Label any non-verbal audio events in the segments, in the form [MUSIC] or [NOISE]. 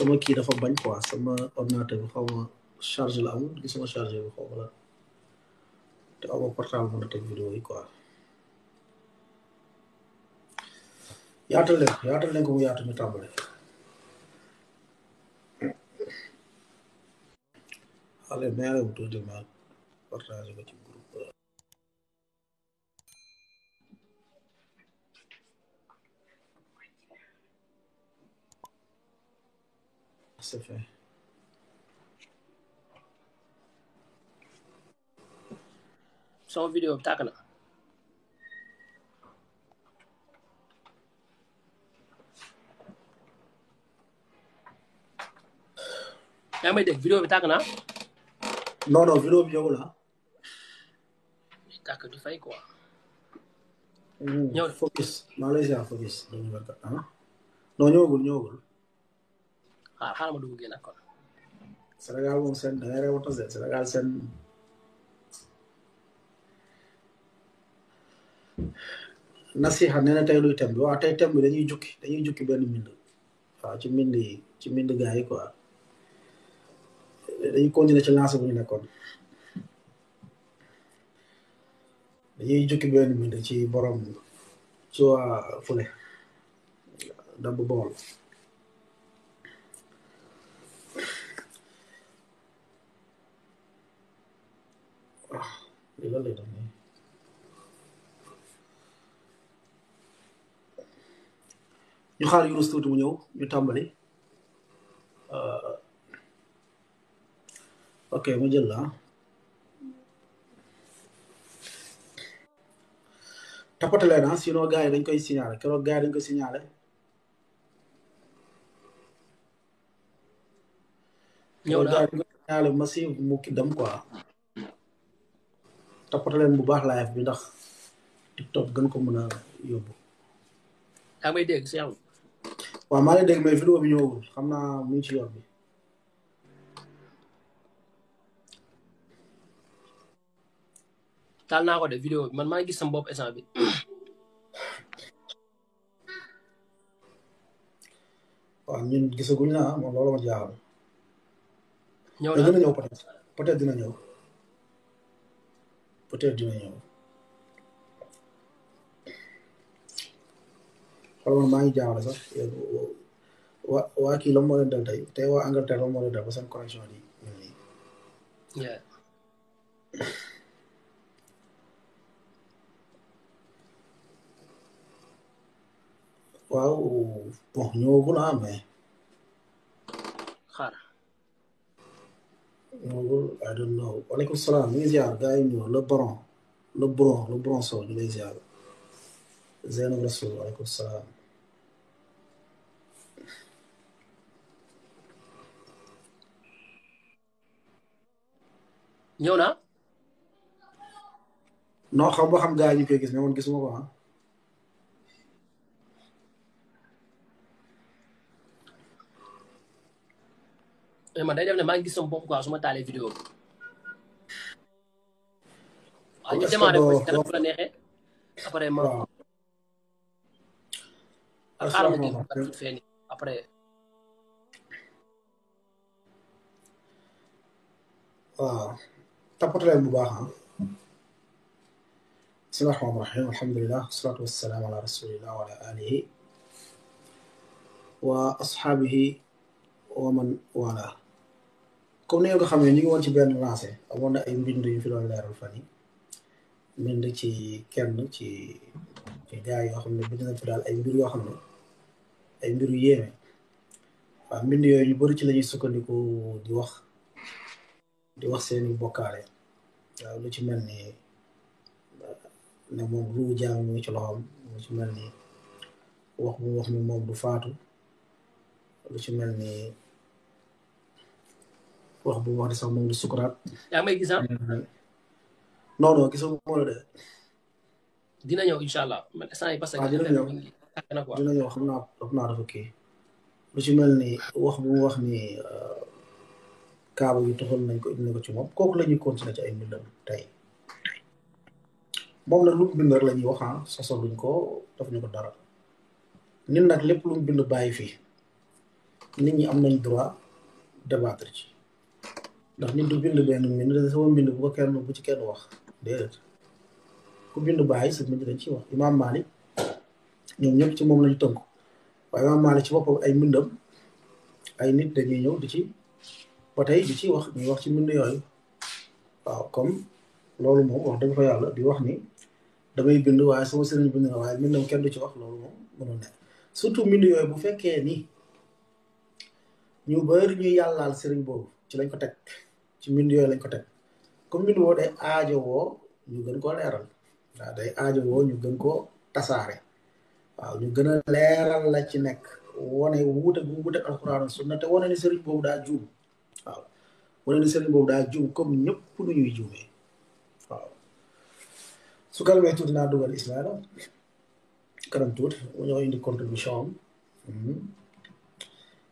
sama ki dafa bañ quoi sama ordinateur bi xawma ma charge la amul gisuma charge bi xawma la te aw ma portable mën a vidéo yi quoi yaatal leen yaatal leen ko mu yaatu mi tàmbale xale meere bu tuuti ma partage ko ci so sama vidéo bi tàkk na. yaa may dégg vidéo tàkk na. non non vidéo bi jógul ah. tàkk du fay quoi. Mm. ñëw focus maa ngi lay focus. hana mo ɗum gena kono sénégal mom sen dere woto se sénégal sen nasiha nene tawi luy tembe wa tawi tembe dañuy jukki dañuy jukki benn mbind wa ci mbindi ci mbind gaa yi quoi dañuy continue ci lance bu ñu nekkoon dañuy jukki benn mbind ci borom ci wa fule dabb boole They were little me. ñu xaar Yunus tuuti mu ñëw ñu tàmbali uh, ok ma jël la tapatalee na ah, sinon gars yi dañ koy signalé keroog gars yi dañ koy signalé ñëw mu ki dem quoi topat leen bu baax live bi ndax tiktok gën ko mën a yóbbu yaa may dégg si yow waaw maa ngi dégg mais vidéo bi ñëwagul xam naa mu ngi ci yoon bi taal naa ko de vidéo bi man maa ngi gis sama bopp instant bi waaw ñun gisaguñ ah, moom loolu ma jaaxal ñëw na dina ñëw peut être peut être dina ñëw peut dina ñëw xamoon maa ngi jaawale sax waa waa kii la moo leen dal tey tey waa Angleterre la moo leen dal ba di ñun bon ñëwagul ah mais Mongol I don't know waaleykum salaam ñu ngi ziar gars yi ñëw baron le bron le bron sow ñu lay ziar salaam. ñëw na. non xam nga xam gars yi ñu gis mais man gisuma ko ah. man day def ne maa ngi gis sama bopp quoi su ma taalee vidéo bi. waaw ñu démarré ko ci kanam bu la neexee après ma. ak xaaral ma dégg ko fee nii après. waaw toppatoo leen bu baax ah. bismillahi rahmaani rahim alhamdulilah wasalaatu wasalaam ala rasulillah wa ala alihi wa asxaabihi wa man wala comme ni nga xam ne ñu ngi woon ci benn lancé amoon na ay mbind yu fi doon leeral fan yi mbind ci kenn ci ci gars yoo xam ne bind na fi daal ay mbir yoo xam ne ay mbir yu yéeme mbind yooyu ñu bëri ci lañuy ñuy sukkandiku di wax di wax seeni bokkaale waaw lu ci mel ni ne moom ruu jaam mu ngi ci loxoom lu ci mel ni wax bu wax moom du faatu lu ci mel ni wax bu wax di sax moom di sukuraat. may gis no no de. dina ñëw incha allah man instant yii parce que. dina ñëw dina ñëw xam naa dafa kii. lu ci mel ni wax bu wax ni kaaba yi toxal nañ ko indi ko ci continuer ci ay mbindam lu bind rek la ñuy wax ah sosaluñ ko daf ñu ko dara. nit nag lépp lu bind nit am nañ droit débattre ci. ndax nit du bind benn mbind sama mbind bu ko kenn bu ci kenn wax déedéet ku bind bàyyi sa mbind dañ ciy wax imaam Malik ñoom ñëpp ci moom lañu tënk waaye ci boppam ay mbindam ay nit dañuy ñëw di ci ba ci wax wax ci mbind waaw comme loolu moom wax dëgg fa yàlla di wax ni damay bind waaye sama sëriñ bind na waaye mbindam kenn du ci wax loolu moom mënul nekk surtout mbind yooyu bu fekkee ni ñu bëri ñu yàllaal sëriñ boobu ci lañ ko teg ci mbind yooyu lañ ko teg comme mbind woo day aajo woo ñu gën koo leeral waaw day aajo woo ñu gën koo tasaare waaw ñu gën a leeral la ci nekk wane wuute bu wuute alxuraan sunna te wane ni sëriñ boobu daa juum waaw wane ni sëriñ boobu daa juum comme ñëpp nu ñuy juumee waaw su kanamee tuuti naa dugal ismaila kanam tuuti ñoo indi contribution am mhm.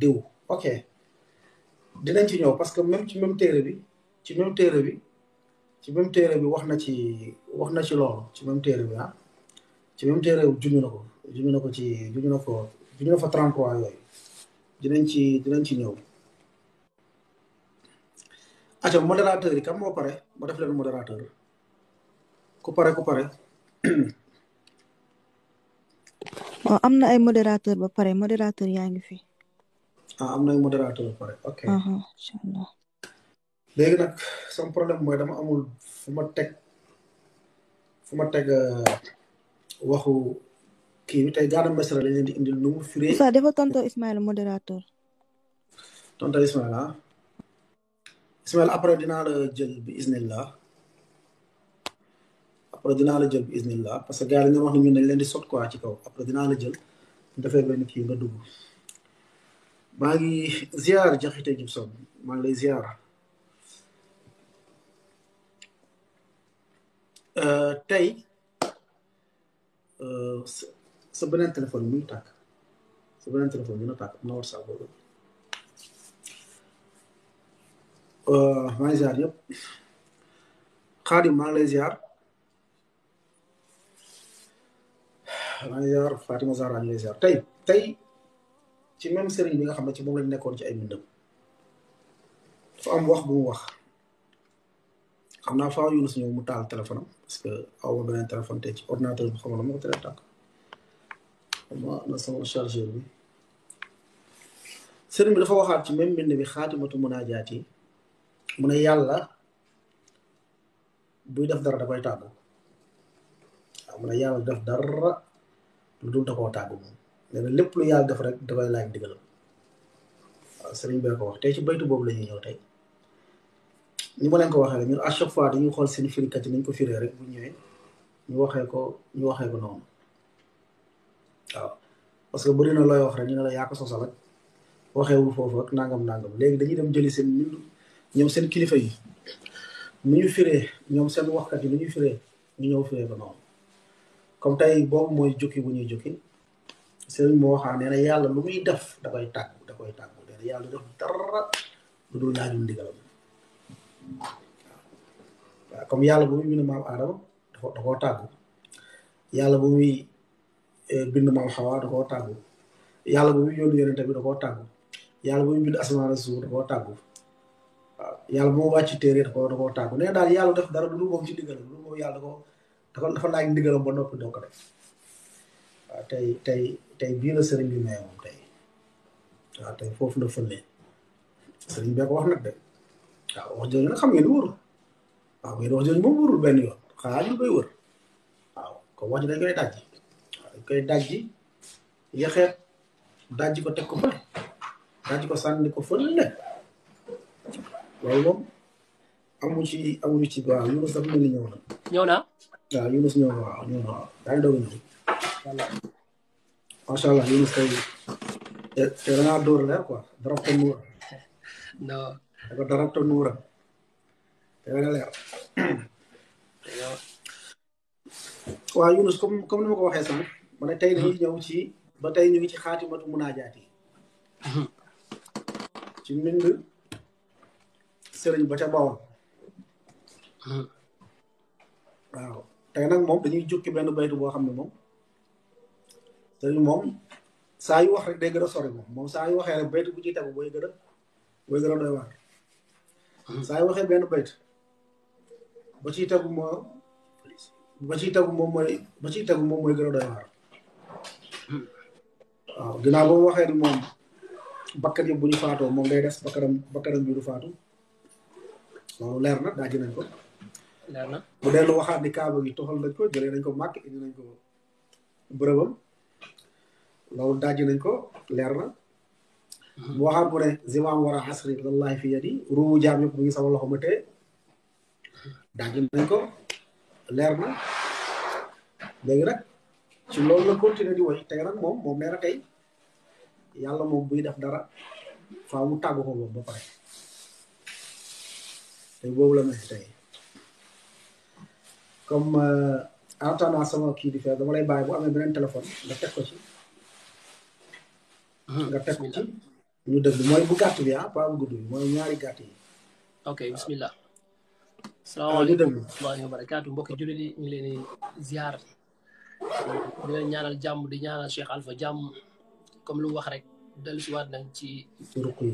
diw ok dinañ ci ñëw parce que même ci même téere bi ci même téere bi ci même téere bi wax na ci wax na ci loolu ci même téere bi ah ci même téere bi junj na ko junj na ko ci junj na ko junj na fa yooyu dinañ ci dinañ ci ñëw. acca modérateur yi kam moo pare ma def leen modérateur ku pare ku pare. waaw [COUGHS] am na ay modérateur ba pare modérateur yaa ngi fi. Ah, am na modérateur ba pare léegi nag som problème mooy dama amul fu ma teg fu ma teg euh, waxu kii bi tey Gana Messere lañ leen di indil nu mu firee. Moussa dafa tonto Ismaël modérateur. tonto Ismaël ah. Ismaël après dinaa la jël bi iznillah après dinaa la jël bi iznillah parce que gars yi ñu wax ne ñun leen di sot quoi ci kaw après dinaa la jël dafay benn kii nga dugg. maa ngi ziar jaxite Gibson maa ngi lay ziar euh, tey euh, sa beneen téléphone muy tàkk sa beneen téléphone a tàkk am na WhatsApp boobu euh, maa ngi ziar yëpp Xaadim maa ngi lay ziar maa ngi ziar Fatima Zahra ñu lay ziar tey tey ci même sëriñ bi nga xam ne ci moom lañ nekkoon ci ay mbindam dafa am wax bu mu wax xam naa faaw Yunus ñëw mu taal téléphone am aw ma beneen téléphone te ci ordinateur bi xamal ma ko tere tàkk ma bi sëriñ bi dafa waxaat ci même mbind bi xaatimatu munaajaat yi mu ne yàlla buy def dara da koy tàggu waaw mu ne yàlla def dara lu dul da koo tàggu moom nee lépp lu yàlla def rek dafay laaj ndigalam waaw sëriñ bee ko wax tey ci baytu boobu la ñëw tey ñu ma leen ko waxee ñun à fois dañuy xool seen firikat yi nañ ko firee bu ñëwee ñu waxee ko ñu waxee ko noonu waaw parce que bëri na looy wax rek ñu ne la yaa ko sosal ak waxeewul foofu ak nangam nangam léegi dañuy dem jëli seen ñoom seen kilifa yi nu ñu firee ñoom seen wax yi nu ñuy firee ñu ñëw firee ko noonu comme tey boobu mooy jukki bu ñuy jukki sëriñ moo xam nee yàlla lu muy def da koy tàggu da tàggu nee yàlla def dara lu dul laajul ndigalam comme yàlla bu muy bind maam Aadama dafa da koo tàggu yàlla bu muy eh, bind maam Xawa da koo tàggu yàlla bu muy yónni yonente bi da koo tàggu yàlla bu muy bind asamaan suuf da koo tàggu waaw yàlla téere da koo da koo tàggu nee daal yàlla def dara lu dul ci ndigalam lu dul yàlla da ko dafa laaj ndigalam ba noppi doo ko def tey tey tey bii la bi maye moom tey waaw tey foofu la fëlee sëriñ bee ko wax nag de waaw wax jooju nag xam ngeen wóorul waaw ngeen wax jooju moom wóorul benn yoon xaajul bay wër waaw ko wax ji dañ koy dajji waaw dañ koy dajji yaxeet ko teg ko fële dajji ko sànni ko fële loolu moom amu ci amuñu ci waaw Yunus dafa mel ni ñëw na. ñëw na. waaw Yunus ñëw na waaw doog a macha allah yéen kay te da ngaa dóor leer quoi darabta nuura. [LAUGHS] non dafa darabta nuura te da nga leer. waaw Yunus comme comme ni ko waxee sànq. ma ne tey dañuy ñëw ci ba tey ñu ngi ci xaatimatu munaajaat yi. [LAUGHS] ci mbind sëriñ ba ca Bawol. [LAUGHS] waaw tey nag moom dañuy jukki benn baytu boo xam ne moom. te moom saa yu wax rek day gën a sori moom saa yu waxee rek bayt bu ciy tegu booy gën a booy gën a doy waar saa yu waxee benn bayt ba ciy tegu moo ba ciy tegu moom mooy ba ciy tegu moom mooy gën a doy waar waaw ginnaaw waxee ni moom bakkan yëpp bu ñu faatoo moom day des bakkanam bakkanam bi du faatu loolu leer na daa ji nañ ko leer na mu dellu waxaat ni kaaba gi toxal nañ ko nañ ko màkk indi nañ ko bërëbam loolu dajji nañ ko leer na mu waxaat mu ne zimaam war a lallahi fi yadi ruubu jaam ñëpp mu ngi sama loxo ma téye dajji nañ ko leer na léegi nag ci loolu la continuer di woy tey nag moom moom nee na yàlla moom buy def dara faa mu tàggu ko moom ba pare tey boobu la mel tey comme atana euh, sama kii di fee dama lay bàyyi bu amee beneen téléphone nga teg ko ci nga teg ko ci ñu def bi mooy bu gàtt bi ah pas bu gudd bi mooy ñaari gàtt yi ok bismillah salaamaaleykum wa barakaatu mbokki jullit yi ñu leen di ya, ya. ziar di leen ñaanal jàmm di ñaanal Cheikh Alpha jàmm comme lu wax rek dellu si waat nañ ci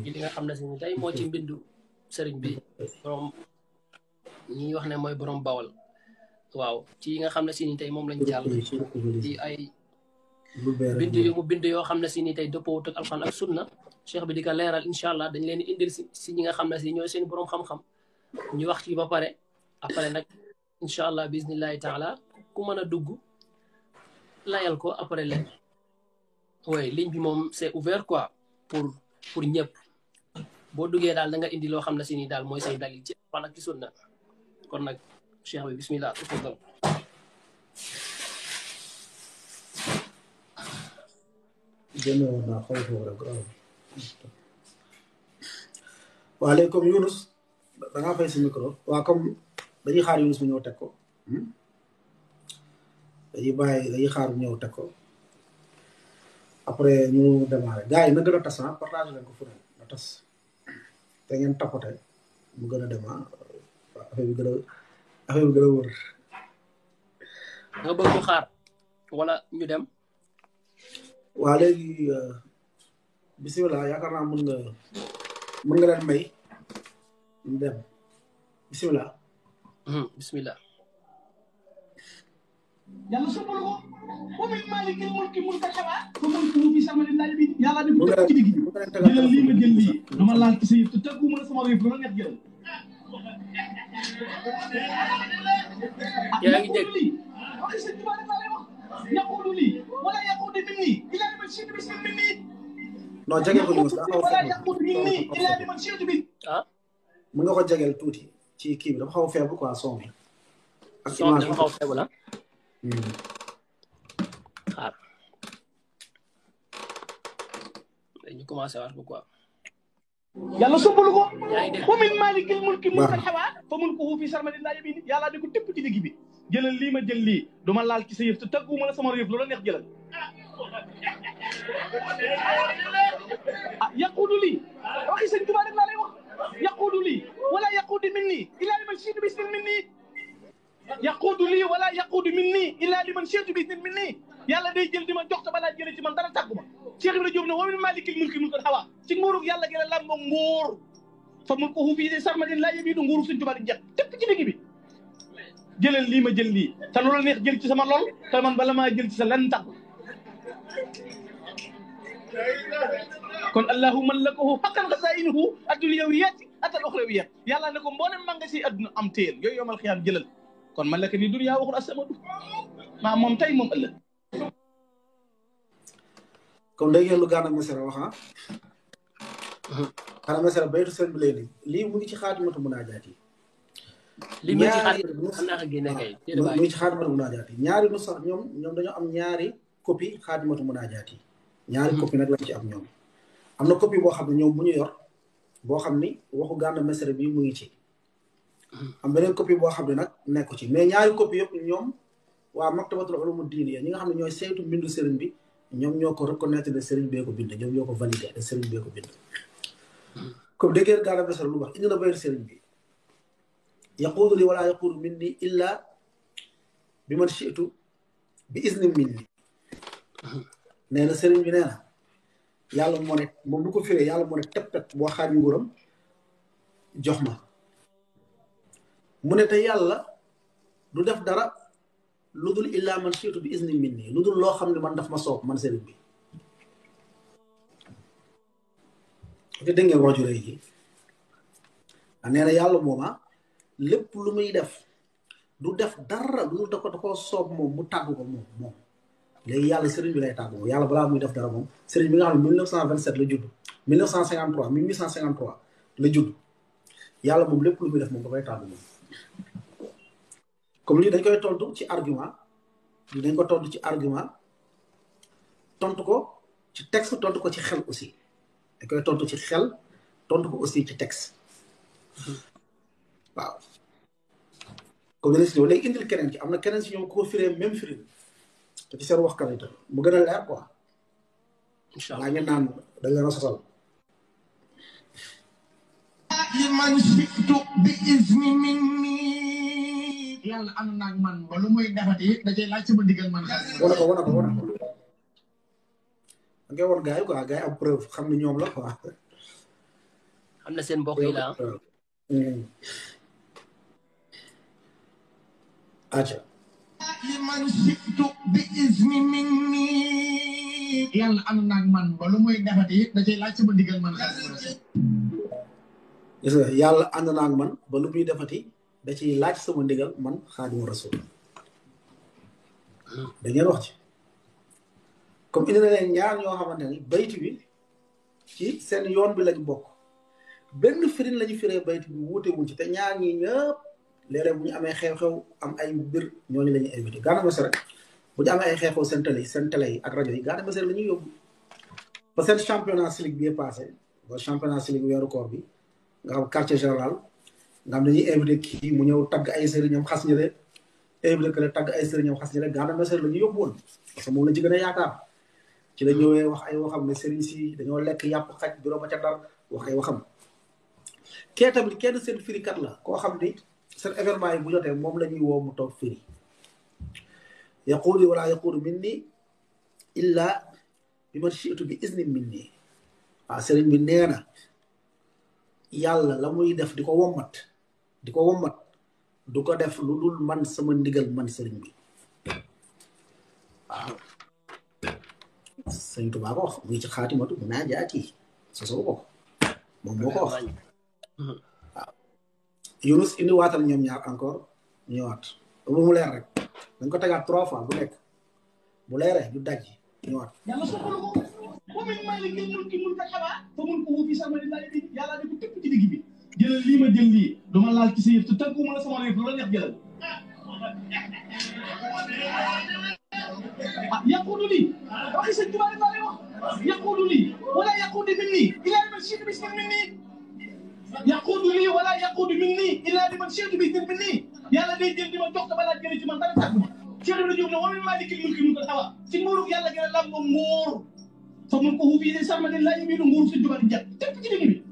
ci li nga xam ne si tey moo ci mbindu sëriñ bi borom ñi wax ne mooy borom bawal waaw ci yi nga xam ne si tey moom lañ jàll di ay bind yu mu bind yoo xam ne si ni tey dëppoowut ak alxuraan ak sunna cheikh bi di ko leeral incha allah dañ leen indil si si ñi nga xam ne si ñooy seen boroom xam-xam ñu wax ci ba pare après nag incha allah bismillahi taala ku mën a dugg layal ko après leen oui ligne bi moom c'est ouvert quoi pour pour ñëpp boo duggee daal da nga indi loo xam ne si ni daal mooy say dalil ci alxuraan ak ci kon nag cheikh bi bismillah génne woon naa xool foofu rek waaw léegi comme Younus da fay si micro waaw comme dañuy xaar Younus mu ñëw teg ko hmm? dañuy bàyyi dañuy xaar ñëw teg ko après ñu démarré gars yi na gën a tas ah partage leen ko fu ne na tas te ngeen tapote mu gën a démarré ah. affaire bi gën a affaire bi gën wër. nga bëgg xaar wala ñu dem. waalaikumsalam ya karena yaakaar naa mën nga mën nga leen may ñu dem bisimilah. Hmm, ko min mulki mulka sabaa ah. fa mulkuhu fi samani laaj bi yàlla ne ko ci digg bi jëlal lii ma jël lii dama laal ci sa te tëggu ma sama jël ngi يقول لي ولا يقول مني إلا لمن شئت باسم مني non jegeel ko jege dafa xaw a faible ah. mën nga tuuti ci kii bi dafa xaw a faible quoi son xaw a faible ah. Hmm. xaar dañu commencé waat ko quoi. yàlla sumbalu ko. yaa ngi dégg wa min maalikil mulki mun xawaat fa mun ko fi sarmadi laa yabini yàlla di ko tëpp ci digg jëlal lii ma jël lii du ma laal ci sa yëf te tagguuma la sama yëf loola neex jëlal ah yaquudu lii waxi sëñ Tuubaa rek laa lay wax yaquudu lii wala yaquudu min nii illaa liman shiitu bi isnin min nii yaquudu lii wala yaquudu min nii illaa liman shiitu bi isnin min nii yàlla day jël di ma jox te balaa jëlee ci man dara tàgguma Cheikh Ibrahima Diop ne wa min maalikil mulki mulkul hawaa ci nguurug yàlla gi la làmboo nguur fa mulkuhu bi sarmadin laa yabiidu nguurug sëñ Tuubaa di jeex tëpp ci digg bi jëlal lii ma jël lii te lu la neex jël ci sama lool te man bala maa jël ci sa lan tax kon allahumma lakahu haqqan xazaa'inuhu ad-dunyawiyaati atal uxrawiyaat yàlla ne ko mboolem maa nga si adduna am téyel yooyu yoomal xiyaam jëlal kon man laka ni dunya asamadu maa moom tey moom ëllëg comme day ngeen lu gaana mesara wax ah gaana mesara baytu seen ngi ci xaatimatu munaajaat yi li ma ci naa ko génne kay. li ci xaatimatul munaajaat yi ñaari nu sax ñoom ñoom dañoo am ñaari copie xaatimatul munaajaat yi. ñaari mm-hmm. copie nag lañ ci am ñoom. am na copie boo xam ne ñoom bu ñu yor boo xam ni waxu Gana Messere bi mu ngi ci. Mm-hmm. am beneen copie boo xam ne nag nekku ci mais ñaari copie yëpp ñoom waa maktabatul ulumu diiniya ñi nga xam ne ñooy saytu mbindu sëriñ bi ñoom ñoo ko reconnaître de sëriñ bee ko bind ñoom ñoo ko validé de sëriñ ko bind. Mm-hmm. comme dégg ngeen Gana Messere lu wax indi na bayir bi yaquulu li wala yaquulu minni illa bi man chitu bi isni minni nee na sëriñ bi nee yàlla moo ne moom lu ko firee yàlla moo ne teppet boo xaaj nguuram jox ma mu ne te yàlla du def dara lu dul illa man chitu bi isni minni lu dul loo xam ne man daf ma soob man sëriñ bi te dégg wax ju rëy ji yàlla mooma lépp lu muy def du def dara lu da ko da koo soob moom mu tàgg ko moom moom léegi yàlla sëriñ bi lay tàggoo yàlla balaa muy def dara moom sëriñ bi nga xam ne 1927 la judd 1953 1853 la judd yàlla moom lépp lu muy def moom da koy tàggu moom comme lii dañ koy tontu ci argument dañ ko tontu ci argument tontu ko ci texte tontu ko ci xel aussi dañ koy tontu ci xel tontu ko aussi ci texte waaw comme dana si ñëw léegi keneen ci am na keneen si ñoom ko firee même firi te ci seen waxkat yi mu gën a leer quoi incha allah ngeen naan dañ leen a sosal liman situ bi izni min ni yàlla am naag man ba lu muy defati da cay laaj sama ndigal man wana ko wana ko wana ko da ngay woon gars yi quoi gars yi am preuve xam ne ñoom la quoi am na seen mbokk yi aja liman situ bi izni yàlla am naag man ba lu muy defati it da man yàlla ànd naag man ba lu muy defati da ciy laaj sama ndigal man xaadimu rasul da ngeen wax ci comme indi na leen ñaar ñoo xamante ni baytu bi ci seen yoon bi lañ bokk benn firin lañu firee baytu bi wuute wuñ ci te ñaar ñi ñëpp léeg-léeg bu ñu amee xew-xew am ay mbir ñooñu la ñuy invité Gana Messere bu ñu amee ay xew-xew seen télé seen télé yi ak rajo yi Gana Messere la ñuy yóbbu ba seen championnat silic bi passé ba championnat silic weeru koor bi nga xam quartier général nga xam dañuy invité kii mu ñëw tagg ay sëriñam xas ñu leen invité que ne tagg ay sëriñam xas ñu leen Gana Messere la ñuy yóbbu woon parce que moom la ci gën a yaakaar ci la ñëwee wax ay waxam ne sëriñ si dañoo lekk yàpp xaj duró ma ca dar wax ay waxam kee tamit kenn seen firikat la koo xam ni sen événement yi bu jotee moom la ñuy woo mu toog firi yaqulu wala yaqulu minni illa bi ma chiitu bi izni minni waaw sëriñ bi nee na yàlla la muy def di ko wommat di ko wommat du ko def lu dul man sama ndigal man sëriñ bi waaw sëriñ Tuubaa ko wax mu ci xaatimatu mu naa jaati sosobu ko moom moo ko wax Yunus indi waatal ñoom ñaar encore ñëwaat bu mu leer rek dañ ko tegaat trois fois bu nekk bu leeree du daj ñëwaat. yàlla soxla ko moom it maa ngi leen di mun ko xabaar te ma jël lii du ma laal ci sa yëf ma la sama yëf loolu neex jëlal. [LAUGHS] ah yàquwul lii waxi lii wala yàquwul di mel nii. il a yàquwul si yaqudu lii wala yaqudu minni illa liman cheikh bi dir minni day jël di jox dama laa jëlee ci man dara tàgg cheikh ibra jóg ne wamin maliki mulki mun ko tawa ci nguurug yàlla fa mun ko hubi tepp ci bi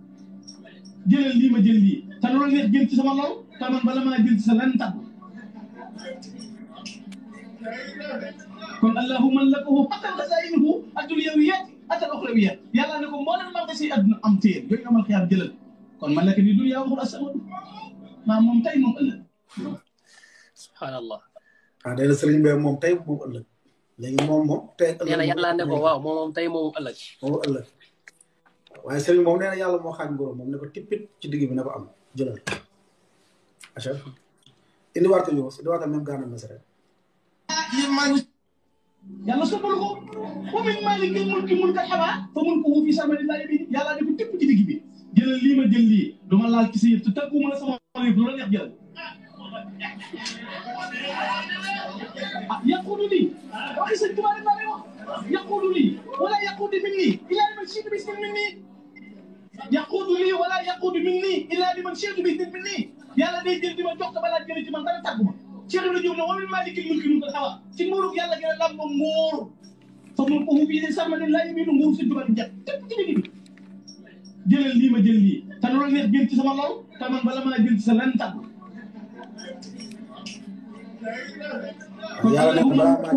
jëlal ma jël neex jël ci sama lool te man bala maa jël ci sa lan kon allahumma lakahu haqqal khazainuhu atul yawiyat atal ukhrawiyat yàlla ne ko moo leen am amal jëlal kon man laka fi ya waxul asalon ma mom tay mom ëllëg subhanallah ah nee serigne be mom tay mom moom legi mom mom tay tey yalla yalla ne ko waaw mom moom tey moom ëllëg mom ëllëg waye serigne mom neena yalla mo moo xaaj mom ne ko tipit ci digg bi ne ko am jëlal achef indi waata ñu indi waata même gaana sere yalla soppalu ko ko min maaliki mulki mulka xaba fa mulkuhu fi samani bi yalla ne ko tipp ci digg bi jëlal lii ma jël du ma laal ci sa yëf te tàgguwuma la sama yëf lu la neex jël ah lii wala yàqudu min illaa liman shiitu bis min nii yàqudu lii wala yàqudu min nii illaa liman ma jox te ci man dara tàgguma Cheikh Ibrahima Diop ne wa min maalikil mulki mun ko xawa ci nguurug ba nguur fa mun ko hubi ma nguur sëñ Tuubaa di njëkk tëpp ci digg jëlal li ma jël li ta lu la neex jël ci sama law ta man bala mën a jël ci sa lan tàgg. yàlla nekk balaa maa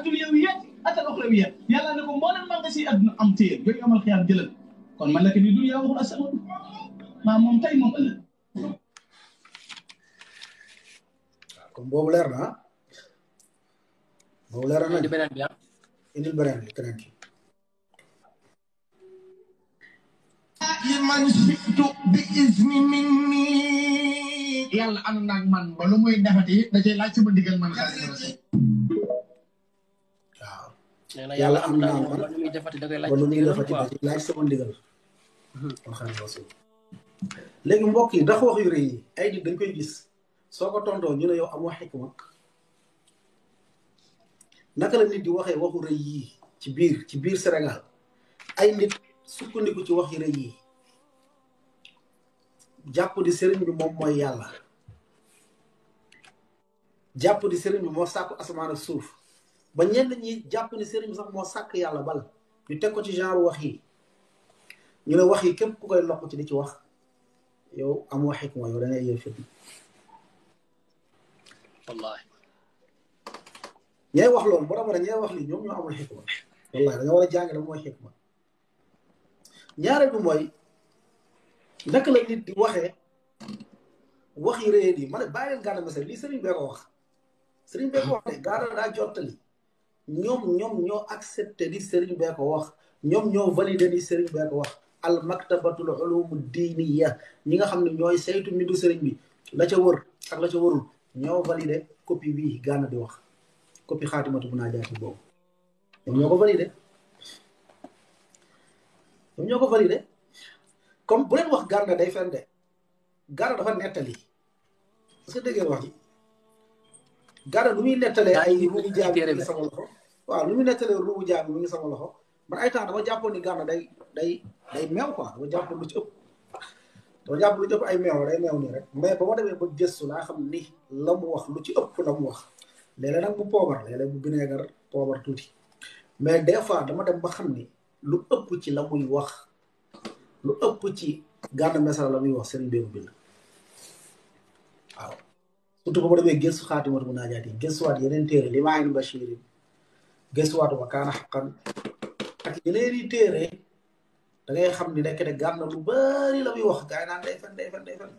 ngi leen di ak al uxrawiyat yàlla ne ko mboolem maa nga si adduna am téye yooyu nga amal xiyaam jëlal kon man la ni dunya waxul asaloon maa moom tey moom ëllëg. kon boobu leer na ah boobu leer na. di benen bi ah. indi benen bi tranquille Iman situ bi ismi minni yàlla ànd naag man ba lu muy defati man xaalis rasul waaw nee man ba lu muy defati da ngay man xaalis rasul léegi ndax wax yu rëy ay dañ koy gis ñu ne yow naka la nit eh, di waxu ci biir ci biir Sénégal ay nit sukkandiku ci wax yi rëy yi jàpp di sëriñ bi moom mooy yàlla jàpp di sëriñ bi moo sàkku asamaan suuf ba ñenn ñi jàpp ni sëriñ bi sax moo sàkk yàlla bal ñu teg ko ci genre wax yi ñu ne wax yi képp ku koy lokk ci di ci wax yow amoo xikma yow da ngay yëf fit wax loolu boo tax ñay wax lii ñoom ñoo amul xikma wallaahi da nga war a jàng la mooy xikma ñaareel bi mooy naka la nit di waxee wax yu réyeen yi ma ne bàyyi leen Gana lii Serigne bee ko wax Serigne bee ko wax ne Gana daa jottali ñoom ñoom ñoo accepté di Serigne bee ko wax ñoom ñoo validé di Serigne bee ko wax al maktabatul ulum diiniya ñi nga xam ne ñooy saytu mbiru Serigne bi la ca wër ak la ca wërul ñoo validé copie bii Gana di wax copie xaatimatu munaajaati boobu ñoom ñoo ko validé ñoom ñoo ko validé comme bu leen wax Garga day fen de dafa nettali parce que dégg ngeen wax ji Garga lu muy nettalee ay ruubu jaam mi ngi sama loxo waaw lu muy nettalee ruubu jaam mi ngi sama loxo man ay temps dama jàppoon ni Garga day day day meew quoi dama jàppoon lu ci ëpp dama jàpp lu ci ay meew day meew nii rek mais ba demee ba gëstu laa xam ni la mu wax lu ci ëpp la mu wax léeg-léeg nag bu poobar léeg-léeg bu bineegar poobar tuuti mais des fois dama dem ba xam ni lu ëpp ci la muy wax lu ëpp ci Gana Messere la muy wax sëriñ beebu bind waaw surtout ba ma demee gëstu xaati matu mu naajaat yi gëstuwaat yeneen téere li maa ba Bachir yi gëstuwaat wa kaana xaqan ak yeneen i téere da xam ni da ne Gana lu bari la muy wax gars naan day fen day fen day fen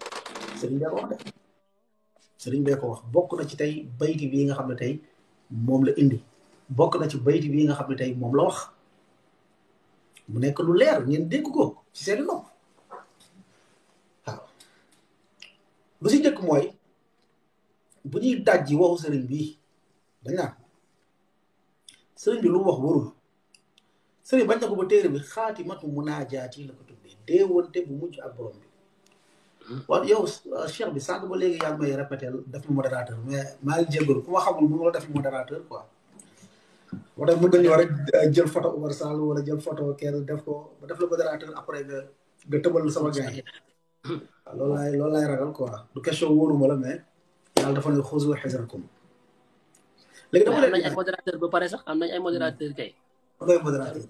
sëriñ bee wax de sëriñ bee wax bokk na ci tey bayti bii nga xam ne tey moom la indi bokk na ci bayti bii nga xam ne tey moom la wax mu nekk lu leer ngeen dégg ko ci seeni nopp waaw ba si njëkk mooy bu ñuy dajji waxu sëriñ bi dañ naan sëriñ bi lu wax warul sëriñ bañ na ko ba téere bi xaatimatu munaajaati la ko tuddee déewante bu mujj ak borom bi hmm. waaw yow euh, cheikh bi sànq ba léegi yaa ngi may répété def ma modérateur mais maa ngi jégalu ku ma xamul mënu la def modérateur quoi moo tax mën nañu a jël photo Oumar Sall wala jël photo kenn def ko ba def la modérateur après nga nga tëbal sama gars yi waaw [LAUGHS] ragal quoi du question wóoruma la mais yàlla dafa ne xuzu xisrakum ko dafa leen am nañ ay ba pare sax am na ay modérateur kay am nañ modérateur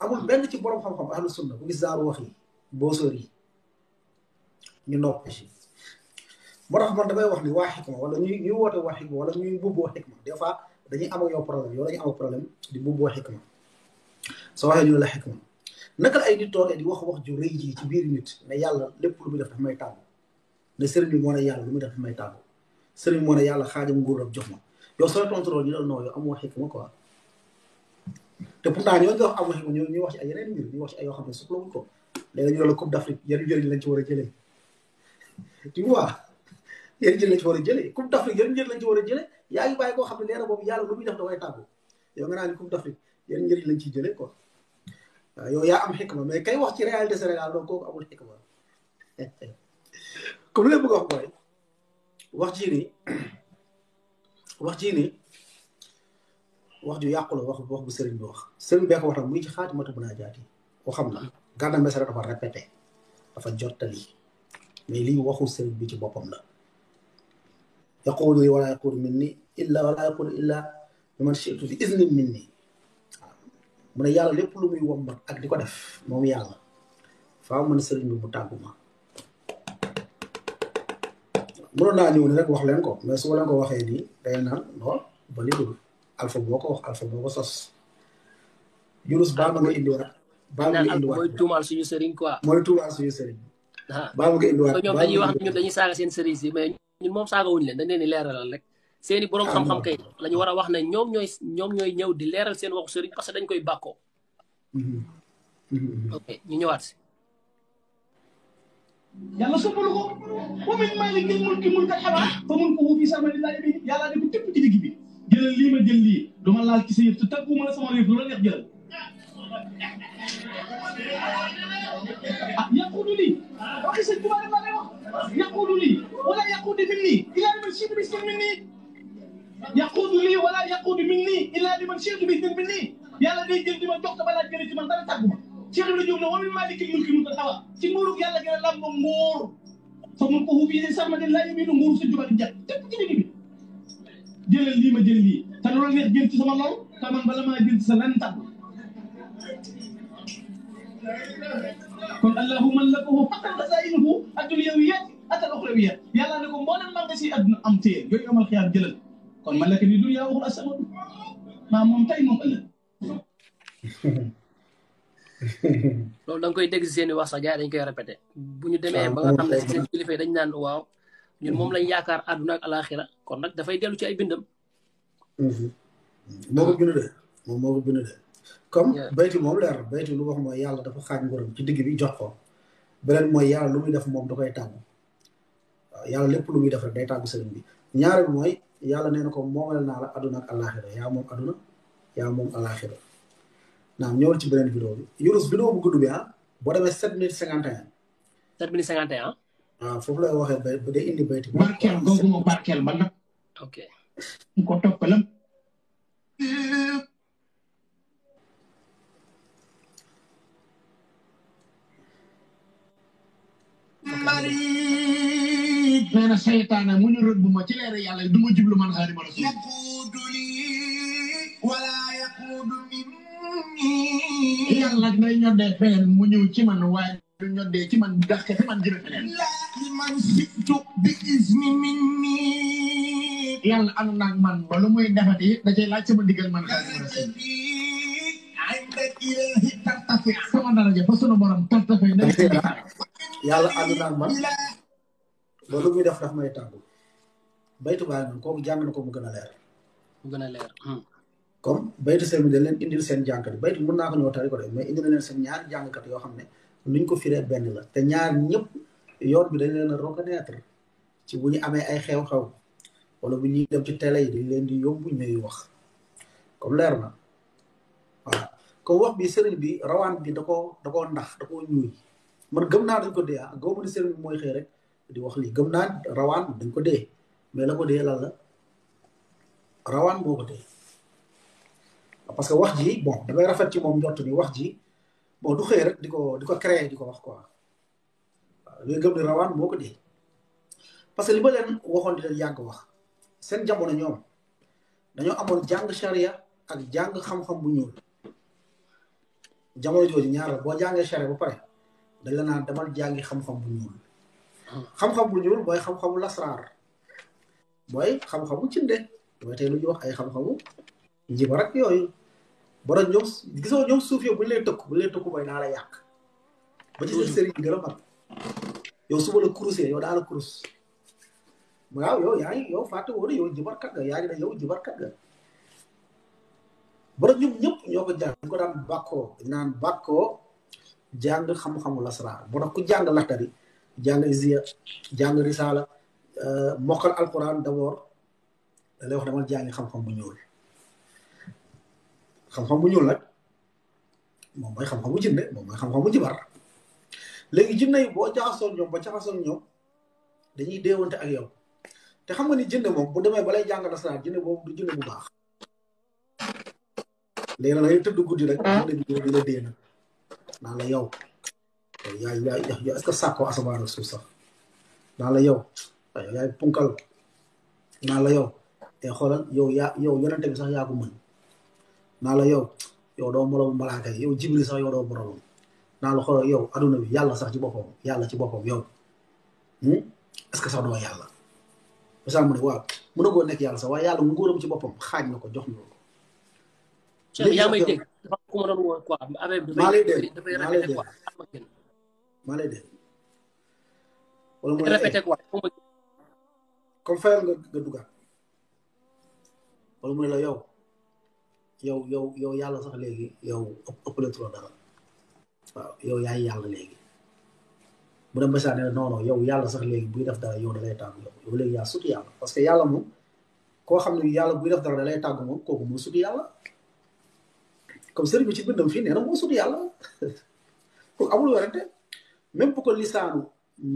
amul benn ci borom xam-xam ahlu sunna bu gis zaaru wax yi boo sori ñu nopp ci moo tax man damay wax ni waa xikma wala ñuy ñuy woote waa xikma wala ñuy bubboo xikma des fois dañuy am ak yow problème yow dañuy am problème di bubboo xikma soo waxee ñu la xikma naka la ay nit toogee di wax wax ju rëy ji ci biir nit ne yàlla lépp lu muy def daf may tàggu ne sëriñ bi moo ne yàlla lu muy def daf may tàggu sëriñ bi moo ne yàlla xaajam nguuram jox ma yow soo tontu loolu ñu ne non yow amoo xikma quoi te pourtant ñoo ngi wax amoo xikma ñoo ñuy wax ci ay yeneen mbir ñuy wax ci ay yoo xam ne soxlawuñ ko léegi ñu la coupe d' afrique yeneen njëriñ lañ ci war a jëlee tu vois yéen njëriñ lañ ci war a jëlee coupe d'Afrique yéen njëriñ ci war a jëlee yaa ngi bàyyi xam ne nee na boobu yàlla lu lañ ciy jëlee quoi yow yaa am xikma mais kay wax ci réalité Sénégal donc kooku amul xikma [LAUGHS] comme lépp bëgg wax mooy wax jii wax jii nii wax ju yàqu la wax wax bu sëriñ bi wax sëriñ bee ko wax nag muy ci xaatimatu mën a jaati waxam la gànnaaw mesara dafa répété dafa jottali mais lii waxu sëriñ bi ci boppam la yaqulu wala yaqulu minni illa wala yaqulu illa man shi'tu bi idnin minni mu ne yàlla lépp lu muy wombat ak di ko def moom yàlla faaw man sëriñ bu mu tàggu ma mënoon naa ñëw rek wax leen ko mais su ma leen ko waxee nii day naan non ba dul alpha boo ko wax alpha boo ko sos jurus baa ma nga indiwaat baa ma nga indiwaat mooy tuumaal suñu sëriñ quoi mooy tuumaal suñu sëriñ baa ma nga indiwaat ñoom dañuy wax ñoom saaga seen sëriñ si mais ñun moom wuñ leen dañ leen di leeralal rek seeni borom ah, xam-xam kay lañu ñu war a wax ne ñoom ñooy ñoom ñooy ñëw di leeral seen waxu sëriñ parce que dañ koy bàkkoo mm-hmm. ok ñu ñëwaat si yàlla soppalu ko wa min maalikil mulki mulka xawa fa mun ko fi sama lillahi bi yàlla di ko tepp ci digg bi jëlal lii ma jël lii duma laal ci sa yëf te tàgguma la sama yëf lu la neex jëlal yakuduli ok c'est tout le monde yakuduli voilà yakudi minni il a le même chiffre que minni yakuduli voilà yakudi minni il a le même chiffre que minni ya la day jël sama la jël dima dara tagu cheikh ibrahim no wamin malik mulki mu tawa ci muruk yalla gëna lam mo sama de lay mi nguru ci jubal jatt tepp ci digi bi jël sama lolu ta man bala ma kon allahu man lakahu xatal xasaa'inuhu ad-dunyawiyyaat yàlla ne ko mboolem maa nga si àdduna moom tey moom ëllëg. koy dégg si seen i wax dañ koy répété. bu ñu demee dañ naan waaw ñun moom lañ yaakaar àdduna ak alaaxira kon nag dafay dellu ci ay bindam. Mhm. moo ko bind de moom moo ko bind de. comme bayti moom leer bayti lu wax mooy yàlla dafa xaaj nguuram ci digg bi jox ko beneen mooy yàlla lu muy def moom da koy tàggu waaw yàlla lépp lu muy def rek day tàggu sëriñ bi ñaareel mooy yàlla nee na ko moomal naa la aduna ak alaxira yaa moom aduna yaa moom alaxira ci beneen bi Yunus vidéo bu gudd bi ah, boo demee sept minutes cinquante et un sept minutes cinquante et un ah? waaw foofu lay waxee ba ba day indi bayti barkeel googu mu barkeel ba nag marid nee na seytaane mu ñu rëbb ma ci leer yàlla jublu man xaari ma rasul wala yaquudu minni yàlla day ñoddee beneen ñëw ci man waaye du ñoddee ci man dax ke fi man jëme bi ismi minni yàlla ànd naag man ba lu muy defati da cay laaj sama ndigal man xaari ma rasul ay nda ilahi tartafi sama daraja ba sunu borom tartafi yàlla ànd naa man loolu muy def daf may tàggu baytu baa noonu kooku jàng na ko mu gën a leer. mu gën a leer. Hmm. comme baytu seen bi dañ leen indil seen jàngkat baytu mun naa ko ñëw tari ko de mais indil leen seen ñaar jàngkat yoo xam ne nuñ ko firee benn la te ñaar ñëpp yoon bi dañ leen a reconnaître ci bu ñu amee ay xew-xew wala bu ñuy dem ci télé yi dañ leen di yóbbu ñuy wax comme leer na voilà comme wax bi sëriñ bi rawaan bi da ko da koo ndax man gëm naa dañ ko dee ak ma ni sëriñ bi mooy xëy rek di wax lii gëm naa rawaan dañ ko dee mais la ko dee lan la rawaan moo ko dee parce que wax ji bon da ngay rafet ci moom njort ni wax ji bon du xëy rek di ko di ko créer di ko wax quoi looy gëm ni rawaan moo ko dee parce que li ma leen waxoon di leen yàgg wax seen jamono ñoom dañoo amoon jàng sharia ak jàng xam-xam bu ñuul jamono jooju ñaar la boo jàngee sharia ba pare dañ la naan demal jàngi xam-xam bu ñuul hmm. xam-xam bu ñuul mooy xam-xamu lasraar mooy xam-xamu cinde mooy tey lu ñuy wax ay xam-xamu njibar ak yooyu borom ñoom gisoo ñoom suuf yow bu ñu lay tëkku bu ñu lay tëkku mooy naa la yàq ba ci seen sëriñ gën a mat yow suba daa kurus waaw yow yaa ngi yow fàtte woon yow jibarkat nga yaa ngi ñëpp ñoo ko jàng ñu ko daan bàkkoo naan bàkkoo jàng xam-xamu lasraar boo tax ku jàng laxtari jàng isiya jàng risaala euh, mokkal alquran d'abord da lay wax damal jàngi xam-xam bu ñuul xam-xam bu ñuul nag moom mooy xam-xam bu jinne moom mooy xam-xam bu jibar léegi jinne boo jaxasoon ñoom ba jaxasoon ñoom dañuy déewante ak yow te xam nga ni jinne moom bu demee balay jàng lasraar jinne boobu du jinne bu baax léegi nag da ngay tëdd guddi rek jinne bi ñëw la dee nag naan la yow yaay yaay yow est-ce que sàkkoo asamaan suuf sax naan la yow yaay punkal naa la yow te xoolal yow yaa yow yonente bi sax yaa ko mën naan la yow yow doo moromu malaaka yow jibri sax yow doo moromu naan la xoolal yow aduna bi yàlla sax ci boppam yàlla ci boppam yow hmm? est-ce que sax doo yàlla misaal mu ne waaw mën na koo nekk yàlla sax waaye yàlla nguuram ci boppam xaaj na ko jox na ko yaa may dégg dafa ma doon woo bi. maa lay dégg dafay répété quoi ma génn. maa mu la yow yow yow yow yàlla sax léegi yow ëpp la trop dara waaw yow yaay yàlla léegi bu dem ba saa ne non non yow yàlla sax léegi buy def dara yow da lay tàggu yow yow léegi yaa sut yàlla parce que yàlla moom koo xam ne yàlla buy def dara da lay tàggu moom kooku mu sut yàlla. comme sëriñ bi ci bindam fii nee na moo sut yàlla pour amul werante même bu ko lisaanu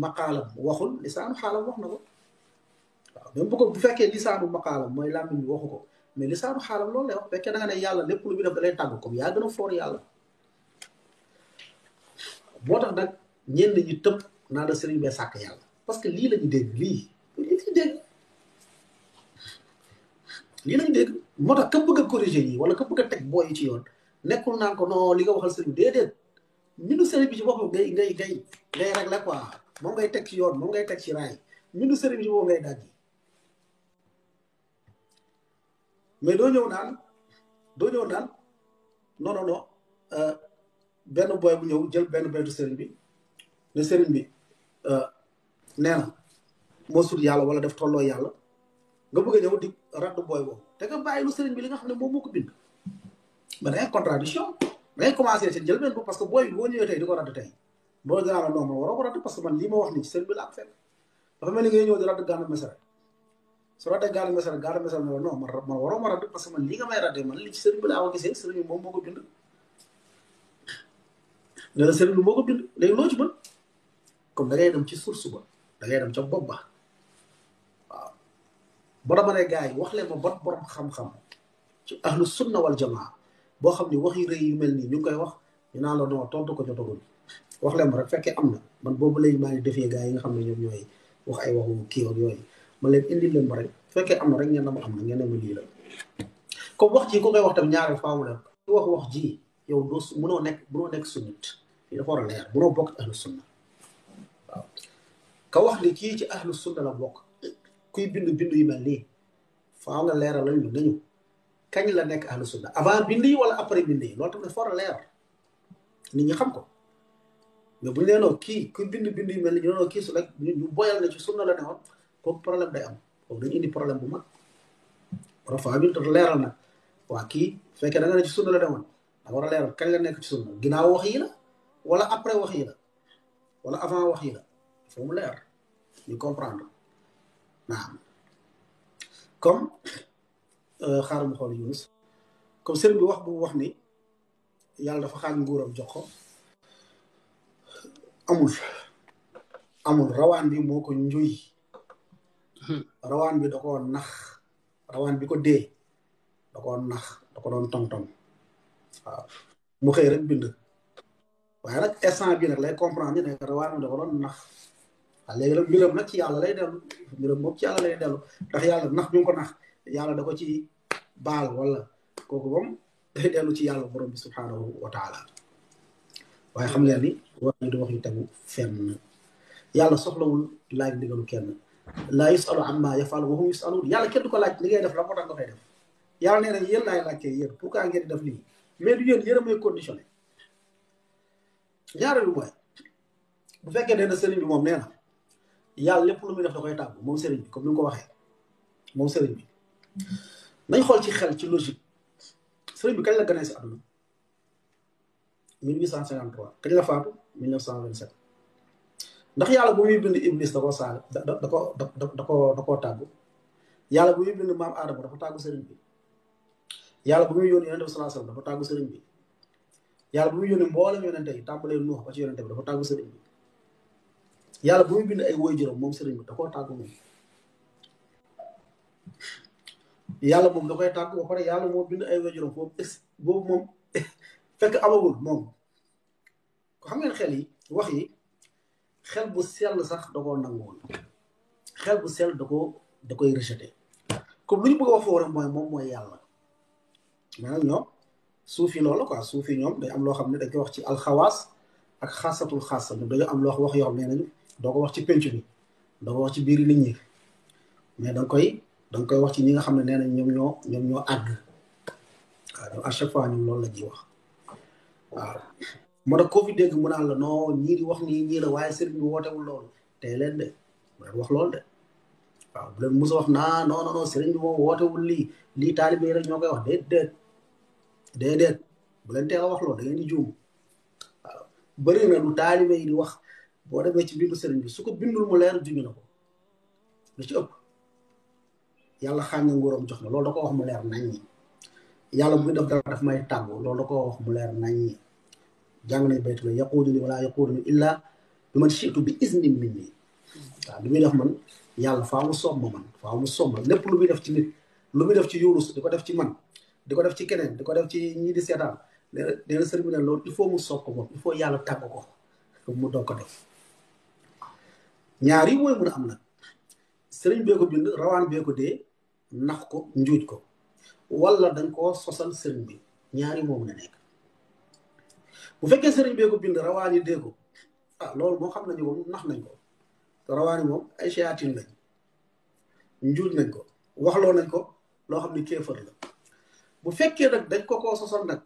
maqaalam waxul lisaanu xaalam wax na ko waaw même bu ko bu fekkee lisaanu maqaalam mooy làmmiñ bi waxu ko mais lisaanu xaalam loolu lay wax fekkee da ne yàlla lépp lu bi def da lay tàgg comme yaa gën a foor yàlla moo tax nag ñenn ñi tëb naa la sëriñ bee sàkk yàlla parce que lii la ñu dégg lii lii lañu lii lañu dégg moo tax ka bëgg a corriger ñi wala ka bëgg teg booy ci yoon nekkul naa ko noo li nga waxal sëriñ déedéet ministère bi ci boppam ngay ngay ngay ngay régler quoi moom ngay teg ci yoon moom ngay teg ci raay ministère bi ci boppam ngay dajji mais doo ñëw naan doo ñëw naan non euh, benn boy bu ñëw jël benn baytu sëriñ bi ne sëriñ bi euh, nee na moo sut yàlla wala def tolloo yàlla nga bëgg a ñëw di raddu booy boobu te nga bàyyi lu sëriñ bi li nga xam ne moom moo ko bind mais da ngay contradiction commencé seen jël benn bopp parce que booy boo ñëwee tey di ko radd tey boo dinaa la non man waroo ko radd parce que man lii ma wax nii ci seen bi la ak fekk dafa mel ni ngay ñëw di radd Gana Messere su raddee ma lii nga may raddee man li ci bi laa ko gisee sëriñ bi moom moo ko bind ne la bi moo ko bind léegi loo ci mën comme dangay ngay dem ci source ba da ngay dem ca bopp ba waaw ba dama ne gars yi wax leen ma ban borom xam-xam ci ahlu sunna wal jamaa boo xam ne waxi rëy yu mel nii ñu ngi koy wax ñu naan la non tontu ko jotagul wax leen ma rek fekkee am na man boobu lay maa ngi defee gars yi nga xam ne ñoom ñooy wax ay waxu kii ak ma leen indi leen ma rek fekkee am na rek ngeen am na ngeen lii la comme wax ji ko koy wax tam ñaareel faamu la ku wax wax ji yow doo mënoo nekk mënoo nekk sunnit fii dafa war a leer mënoo bokk ahlu sunna waaw ka wax ni kii ci ahlu sunna la bokk kuy bind bind yu mel nii faaw nga leeral lañu nañu kañ la nekk ahlu sunna avant bind yi wala après bind yi loolu tam dafa war leer nit ñi xam ko bu ñu kii ku bind yu mel ni ñu nee rek ñu boyal la newoon kooku problème am kooku dañu indi problème bu mag rafa bi leeral nag waa kii bu fekkee da nga la newoon da war kañ la nekk ci sunna ginnaaw wax yi wala après wax yi wala avant wax yi la foo mu comme Euh, xaaral ma xool Yunus comme sëriñ bi wax bu wax ni yàlla dafa xaaj nguuram jox ko amul amul rawaan bi moo ko njuy rawaan bi da koo nax rawaan bi ko dee da koo nax da ko doon tong tong waaw mu xëy rek bind waaye nag instant bi nag lay comprendre ne rawaan bi da ko doon nax waaw nag mbiram ci yàlla lay dellu mbiram moom ci yàlla lay dellu ndax yàlla nax bi mu ko nax yàlla da ko ci baal wala kooku moom day dellu ci yàlla borom bi subhaanahu wa waaye xam leen ni wax yi du wax yu tegu fenn yàlla soxlawul laaj ndigalu kenn laa yusalu amma yafalu wa hum yusaluun yàlla kenn ko laaj li ngay def la moo tax nga koy def yàlla nee na yéen laay laajtee yéen pourquoi ngeen di def nii mais du yéen yéen a may conditionné ñaareelu bi moom nee na yàlla lépp lu muy def da koy tàggu moom sëriñ bi comme ni nga ko waxee moom sëriñ bi nañ xool ci xel ci logique sëriñ bi kañ la gane si àdduna kañ la faatu ndax yàlla bu muy bind iblis da koo da da ko da da koo da koo tàggu bu dafa tàggu sëriñ bi yàlla bu muy yónni yonente bi salaa sallam dafa tàggu sëriñ bi yàlla bu muy yónni mboolem yonente yi tàmbalee nuux ba ci yonente bi dafa tàggu sëriñ bi yàlla bu muy bind ay woy juróom moom sëriñ bi da koo tàggu moom yalla mom dakoy tak tàgg ba pare yalla mo bind ay wajuro foofu bo mom fek fekk amagul moom ko xam ngeen xel yi wax yi xel bu sel sax dako nangul xel bu sel dako dakoy rejeter ko rejeté ñu bëgg wax foofu rek mooy moom mooy yàlla maanaam ñoom suufi loolu quoi suufi ñoom day am lo xamne ne dañ koy wax ci khawas ak xaasatul xaasa ñoom dañoo am lo wax yo xamne nañu dako wax ci penc bi dako wax ci biir nit ñi mais dang koy da nga koy wax ci ñi nga xam ne nee nañ ñoom ñoo ñoom ñoo àgg waaw ñoom à chaque fois ñoom loolu la ñuy wax waaw moo tax koo fi dégg mu naan la non ñii di wax nii ñii la waaye sëriñ bi wootewul loolu tey leen de bu leen wax loolu de waaw bu leen mos a wax naa non non non sëriñ bi moom wootewul lii lii taalibe yi rek ñoo koy wax déedéet déedéet bu leen teel a wax loolu da ngeen di juum waaw bëri na lu taalibe yi di wax boo demee ci bindu sëriñ bi su ko bindul mu leer juñu na ko lu ci ëpp yalla xàññi ngorom jox na loolu da wax mu leer nañ ni yalla buy def dara daf may tagu lolou dako wax mu leer nañ ni jang nañ baytu la wala illa bi shi'tu bi izni minni ta waaw bi muy def man yalla faa mu somm man faa mu somm lépp lu mi def ci nit lu mi def ci yurus diko def ci man diko def ci kenen diko def ci ñi di setan dina sëriñ bi ne lolou il faut mu sokko ko il faut yalla tagu ko mu doko def ñaari moy mu am nag sëriñ beko bind rawaan bee nax ko njuuj ko wala dañ koo sosal sëriñ bi ñaari moom la nekk bu fekkee sëriñ bee ko bind rawaani dee ko ah loolu moo xam nañu moom nax nañ ko te rawaani moom ay seyaatin lañ njuuj nañ ko wax loo nañ ko loo xam ne kéefër la bu fekkee nag dañ ko koo sosal nag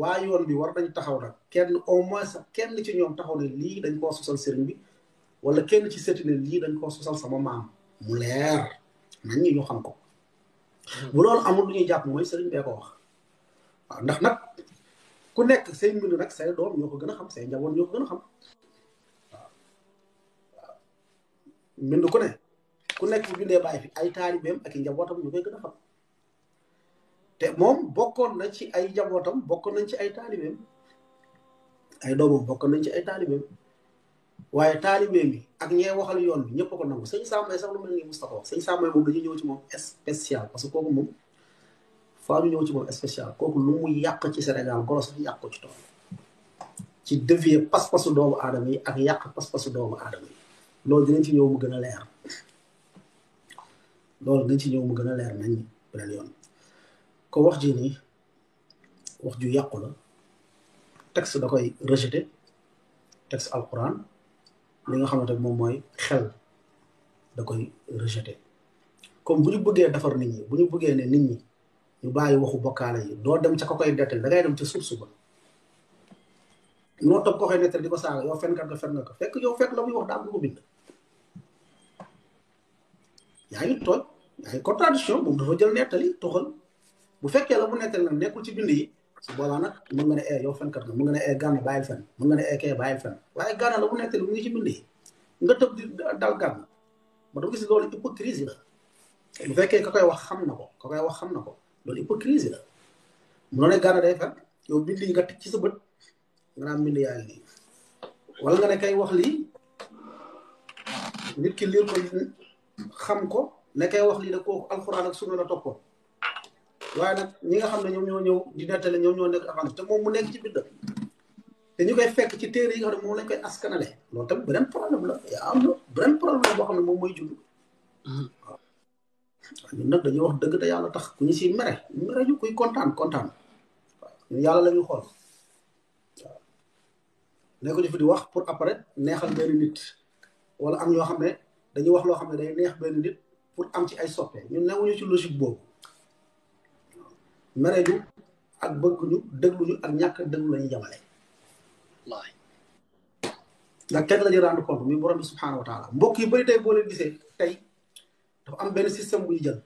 waa yoon bi war nañ taxaw nag kenn au moins sax kenn ci ñoom taxaw ne lii dañ koo sosal sëriñ bi wala kenn ci seeti ne lii dañ koo sosal sama maam mu leer nañ ñu xam ko bu loolu amul lu ñuy jàpp mooy sëriñ bee ko wax waaw ndax nag ku nekk say mbind nag say doom ñoo ko gën a xam say njaboot ñoo ko a xam waaw waaw mbind ku ne ku nekk bu bindee bàyyi fi ay taalibeem ak i njabootam ñu koy gën a xam te moom bokkoon na ci ay njabootam bokkoon nañ ci ay taalibeem ay doomam bokkoon nañ ci ay taalibeem waaye taalibe bi ak ñee waxal yoon bi ñëpp ko nangu sëñ Samba sax lu mel ni Moustapha wax sëñ Samba moom dañuy ñëw ci moom spécial parce que kooku moom faa ñu ñëw ci moom spécial kooku lu mu yàq ci Sénégal goro sax yàq ci tool ci dévier pas-pasu doomu aadama yi ak yàq pas-pasu doomu aadama yi loolu dinañ ci ñëw mu gën a leer loolu dinañ ci ñëw mu gën a leer nañ beneen yoon ko wax ji nii wax ju yàqu la texte da koy rejeté texte alquran li nga xamante ne moom mooy xel da koy rejeté comme bu ñu bëggee defar nit ñi bu ñu bëggee ne nit ñi ñu bàyyi waxu bokkaale yi doo dem ca ko koy nettali da dem ca source ba noo toog ko koy nettali di ko saaga yow fenkat nga fen nga ko fekk yow fekk la muy wax daal du ko bind yaa ngi tooj yaa ngi contradiction moom dafa jël nettali toxal bu fekkee la bu nettali nag nekkul ci bind yi su nag mën nga ne ee eh, yow fenkat nga mën nga ne ee eh, gànn bàyyil fen mën nga ne ee eh, kee bàyyil fen waaye gànn la mu nekk lu ngi ci bindee nga tëb di dal gànn ma dama gis loolu hypocrisie la bu fekkee ka koy wax xam ko ka wax xam na ko loolu hypocrisie la munoo ne gànn day fen yow bind yi nga teg ci sa bët nga naan bind yaa ngi nii nga ne kay wax lii ngi ki liir xam ko ne kay wax lii da kooku alxuraan ak sunna la toppoon waaye nag ñi nga xam ne ñoom ñoo ñëw di nettali ñoom ñoo nekk avance te moom mu nekk ci bind te ñu koy fekk ci téere yi nga xam ne moom lañ koy askanale loolu tamit beneen problème la yaa am na beneen problème la boo xam ne moom mooy judd ñun nag dañuy wax dëgg te yàlla tax ku ñu si mere mere ñu kuy kontaan kontaan waaw ñun yàlla la ñu xool waaw nekko fi di wax pour apparaître neexal benn nit wala am ñoo xam ne dañuy wax loo xam ne day neex benn nit pour am ci ay soppe ñun newuñu ci logique boobu mere ñu ak bëgg ñu déglu ñu ak ñàkk déglu la ñuy jamale wallaay ndax kenn la ñuy rendre compte muy borom bi subhaanahu wa taala mbokk tey boo leen gisee tey dafa am benn système bu ñu jël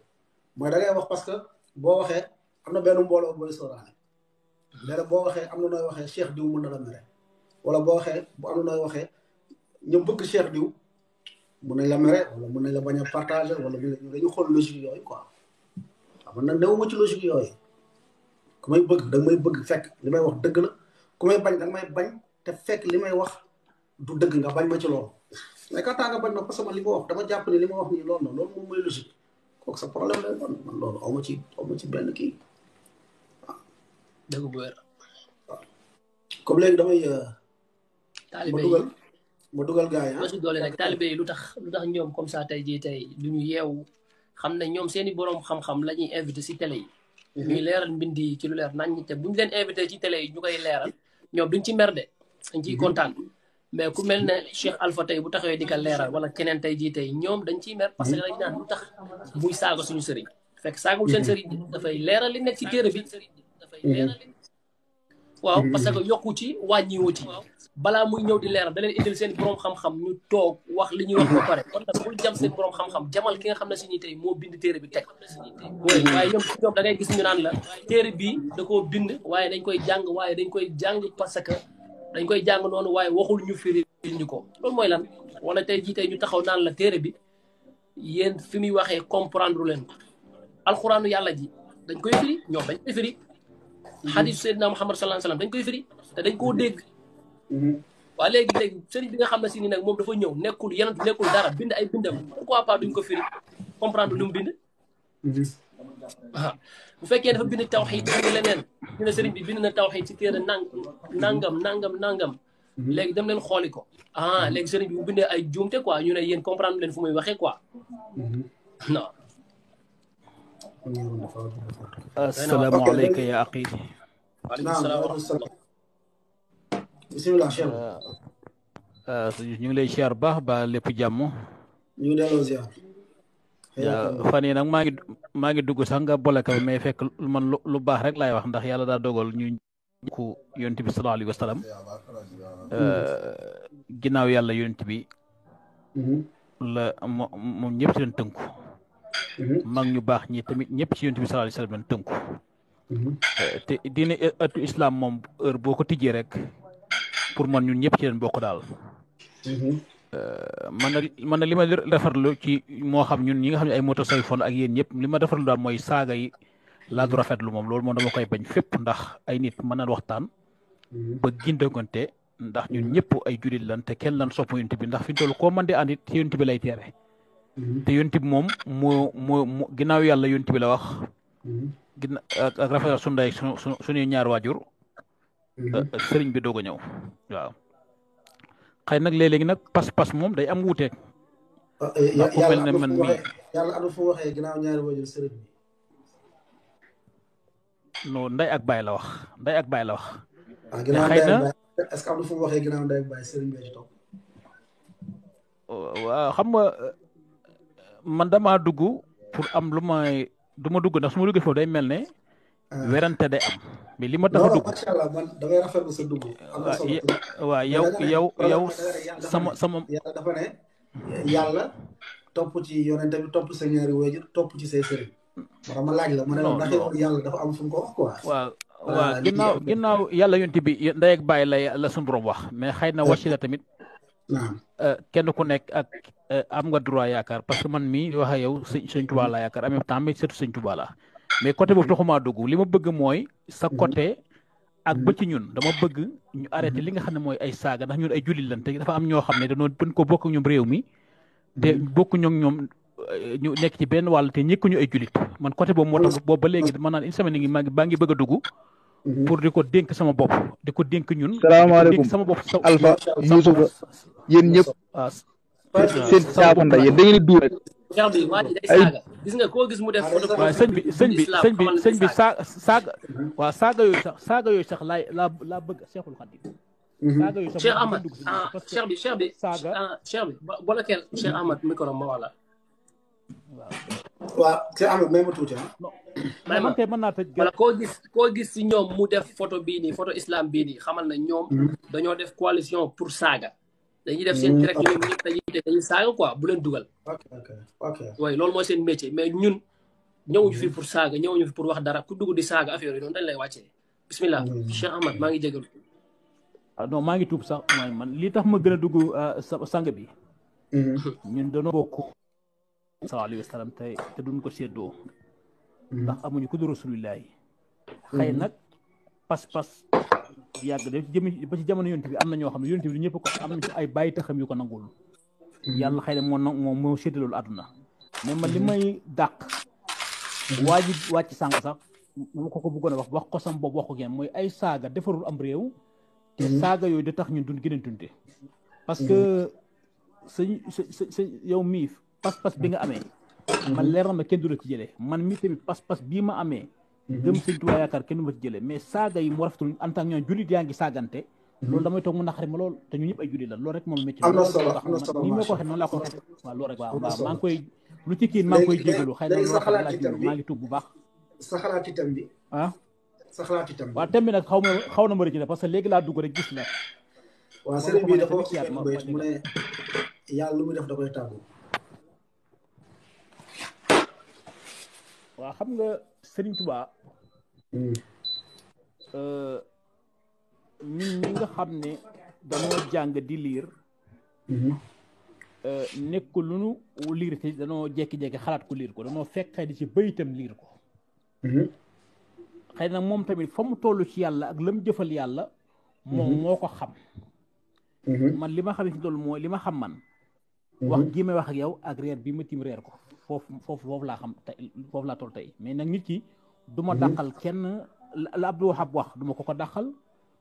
mooy da ngay wax parce que boo waxee am na benn mbooloo booy sóoraale léeg boo waxee am na nooy waxee cheikh diw mun na la mere wala boo waxee bu am na nooy waxee ñu bëgg cheikh diw mun na la mere wala mun nañ la bañ a partager na ñu dañu xool logique yooyu quoi xam nga nag newuma ci logique kumay bëgg da may bëgg fekk li may wax dëgg la kumay bañ da may bañ te fekk li may wax du dëgg nga bañ ma ci lool mais quand nga bañ ma parce que li ma wax dama japp ni li ma wax ni lool na lool moom moy logique kooku sa problème lay doon man lool aw ci aw ci ben ki dëgg bu wër comme léegi damay. taalibe yi ma dugal gaay ha gars doole rek talibé lu tax lu tax ñoom comme ça tay ji tay duñu yewu xamna ñom seeni borom xam-xam lañuy invité télé yi. Mhm. ñuy leeral mbind yi ci lu leer nañ te buñ leen invité ci télé yi ñu koy leeral ñoom duñ ci de dañ ci mhm. kontaan mais ku mel ne Cheikh Alpha tey bu taxawee di ko leeral wala keneen tey jii tey ñoom dañ ciy mer parce que mhm. dañ naan tax buy saaga suñu sëriñ fekk saagul seen sëriñ dafay leeral li nekk ci téere bi waaw parce que yokku ci wàññiwu ci balaa muy ñëw di leeral da leen indil seen borom xam-xam ñu toog wax li ñuy wax ba pare kon nag bul jam seen borom xam-xam jamal ki nga xam ne si ñi tey moo bind téere bi te waaye ñoom si ñoom da gis ñu naan la téere bi da koo bind waaye dañ koy jàng waaye dañ koy jàng parce que dañ koy jàng waaye waxul ñu firi ñu ko loolu mooy lan wala tey jii tey ñu taxaw naan la téere bi yéen fi muy waxee comprendre leen ko yàlla ji dañ koy firi ñoom dañ koy firi mm-hmm. xadiis Muhammad sallallahu alayhi wasallam dañ koy firi te dañ koo dégg Mm-hmm. waaw léegi léegi sëriñ bi nga xam ne si ni nag moom dafa ñëw nekkul yeneen nekkul dara bind ay bindam pourquoi pas duñ ko firi comprendre lu mu bind waaw mm-hmm. ah, bu fekkee dafa bind tawxiid bind leneen ñu ne sëriñ bi bind na tawxiid ci téere nang nangam nangam nangam mm-hmm. léegi dem leen xooli ko ah léegi sëriñ bi bu bindee ay juumte quoi ñu ne yéen comprendre leen fu muy waxee quoi non asalaamaaleykum ya aqi waaleykum salaam wa bisimilah euh, euh, ñu ngi lay siyaar baax ba lépp jàmm. ñu ngi delloo ziar. fan yii nag maa ngi dugg sax nga boole kaw mais fekk man lu baax rek laay wax ndax yàlla daa dogal ñu ku yonent bi sallallahu alayhi euh, yàlla yonent bi mm-hmm. la ñëpp ci leen tënku mm-hmm. mag ñu baax ñi tamit ñëpp ci yonent bi sallallahu alayhi wa sallam leen tënku mm-hmm. te diine atu islam moom boo ko tijjee rek pour man ñun ñëpp ci leen bokk daal mm-hmm. euh, man nag man nag li ma defarlu ci moo xam ñun ñi nga xam ne ay moto sayfon ak yéen ñëpp li ma defarlu daal mooy saaga yi laa du rafetlu moom loolu moom dama koy bañ fépp ndax ay nit mën naan waxtaan mm-hmm. ba gindagonte ndax ñun ñëpp ay julit lan te kenn lan sopp yonte bi ndax fi toll koo man di andit ci yonte bi lay teere mm-hmm. te yonte bi moom moo moo ginnaaw yàlla yonte bi la wax ak rafetal sunday sunu ñaar waajur Euh, mhm. sëriñ bi doog a ñëw waaw. xëy nag léeg-léegi nag pas-pas moom day am wuuteeg. Ah, eh, yàlla ku mel ne man nday ak baay la wax nday ak baay la wax. te ah, xëy na waxee ginnaaw nday ak baay oh, xam nga euh, man dama dugg pour am lu may du ma dugg ndax su ma duggee day mel ne. Ah. werante day am. lima li ma tax a dugg macha allah man dangay yow yow yow sama sama. yàlla dafa ne yàlla topp ci yonente bi topp sa ñaari waajur topp ci say sëriñ. ma laaj la ma ne la ndax am fu mu ko wax quoi. waaw bi ndey bàyyi la la suñu borom wax mais xëy na wàcc la tamit. Euh, kenn ku nekk ak euh, am nga droit yaakaar parce que man mii wax ak yow sëñ Tuubaa laa yaakaar en même temps mi surtout mais côté boobu mhm. taxumaa dugg li ma bëgg mooy sa mhm. côté ak ba mhm. ci ñun dama bëgg ñu arrêté li nga xam ne mooy ay saaga ndax ñun ay jullit lan te dafa am ñoo xam ne dañoo buñ ko bokk ñoom réew mi te bokk ñoom ñoom euh, ñu nekk ci benn wàll te ñëkk ñu ay jullit man côté boobu moo tax boobu ba léegi man naan une semaine ngi maa ngi baa ngi bëgg a pour di ko dénk sama bopp di ko dénk ñun salaamaaleykum sama bopp sa Alpha Youssoufa yéen ñëpp seen saabonda yéen da ngeen di Regardez waa ji day koo gis mu def photo waaw sëñ saa saaga waaw saaga yooyu sax saaga yooyu sax bëgg Cheikhul Khadim mhm. saaga yooyu sax Ahmad ah, Cheikh bi ah, Cheikh Ahmad micro ma wala waaw ah? mën naa tëj koo gis koo gis ñoom mu def photo bii nii photo islam bii nii xamal na ñoom mhm. dañoo def coalition pour saaga dañuy def seen direct ñoom ñëpp saaga quoi bu leen dugal. ok ok waaye loolu mooy seen métier mais ñun ñëwuñ fi mm. pour saaga ñëwuñu fi pour wax dara ku dugg di saaga affaire yi noonu dañ lay wàccee. bismillah mm. Cheikh Ahmad maa ngi jégalu. ah maa ngi tuub sax man li tax ma gën a dugg euh, sang bi. Mm. ñun dañoo bokk. sallallahu alayhi wa sallam tey te duñ ko séddoo. ndax amuñu ku dul rasulillahi. xëy nag pas-pas. yàgg de jëm ba ci jamono yonent bi am na ñoo xam ne yonent bi ñëpp ko am na ci ay bàyyi taxam yu ko nangul hmm. yàlla xay na moo na moom moo séddale loolu àdduna mais man li hmm. may dàq hmm. waa ji wàcc sànq sax mu ko ko bëggoon a wax wax ko sam boobu wax ko geen mooy ay saaga defarul am réew te saaga yooyu da tax ñu dun gën a dunte parce que sa sa yow mii pas-pas bi nga amee man leer na ma kenn du la ci jëlee man mi tamit pas-pas bii ma amee gëm mhm. sëñ Tuubaa yaakaar kenn ma ci mais saaga yi mu rafetul en tant que ñoom jullit yaa ngi saagante mhm. loolu damay toog mu naqari ma lool te ñu ñëpp ay la loolu rek moom métti koy lu ci kiin maa ngi koy jégalu xëy na loolu laa jégalu maa ngi tuub bu baax sa xalaat itam bi ah sa xalaat itam bi waaw thème bi nag xaw ma xaw na ma rëcc la parce que léegi laa dugg rek gis la waaw sëriñ bi dafa wax ne yàlla lu muy def da koy tàggu waaw xam nga Serigne Touba. ñun hmm. euh, ñi nga xam ne dañoo jàng di liir. Hmm. Euh, nekk lu nu liir te danoo jékki-jékki xalaat ko liir ko danoo fekk xëy di ci bëyitam liir ko. Hmm. xëy na moom tamit fa mu toll ci yàlla ak lam jëfal yàlla. moom moo ko xam. man li ma xam ci loolu mooy li ma xam man. wax gi may wax ak yow ak reer bi ma tiim reer ko. foofu foofu foofu laa xam tey foofu laa toll tey mais nag nit ki du ma mhm. dàqal kenn la Abdou Wahab wax du ma ko ko daqal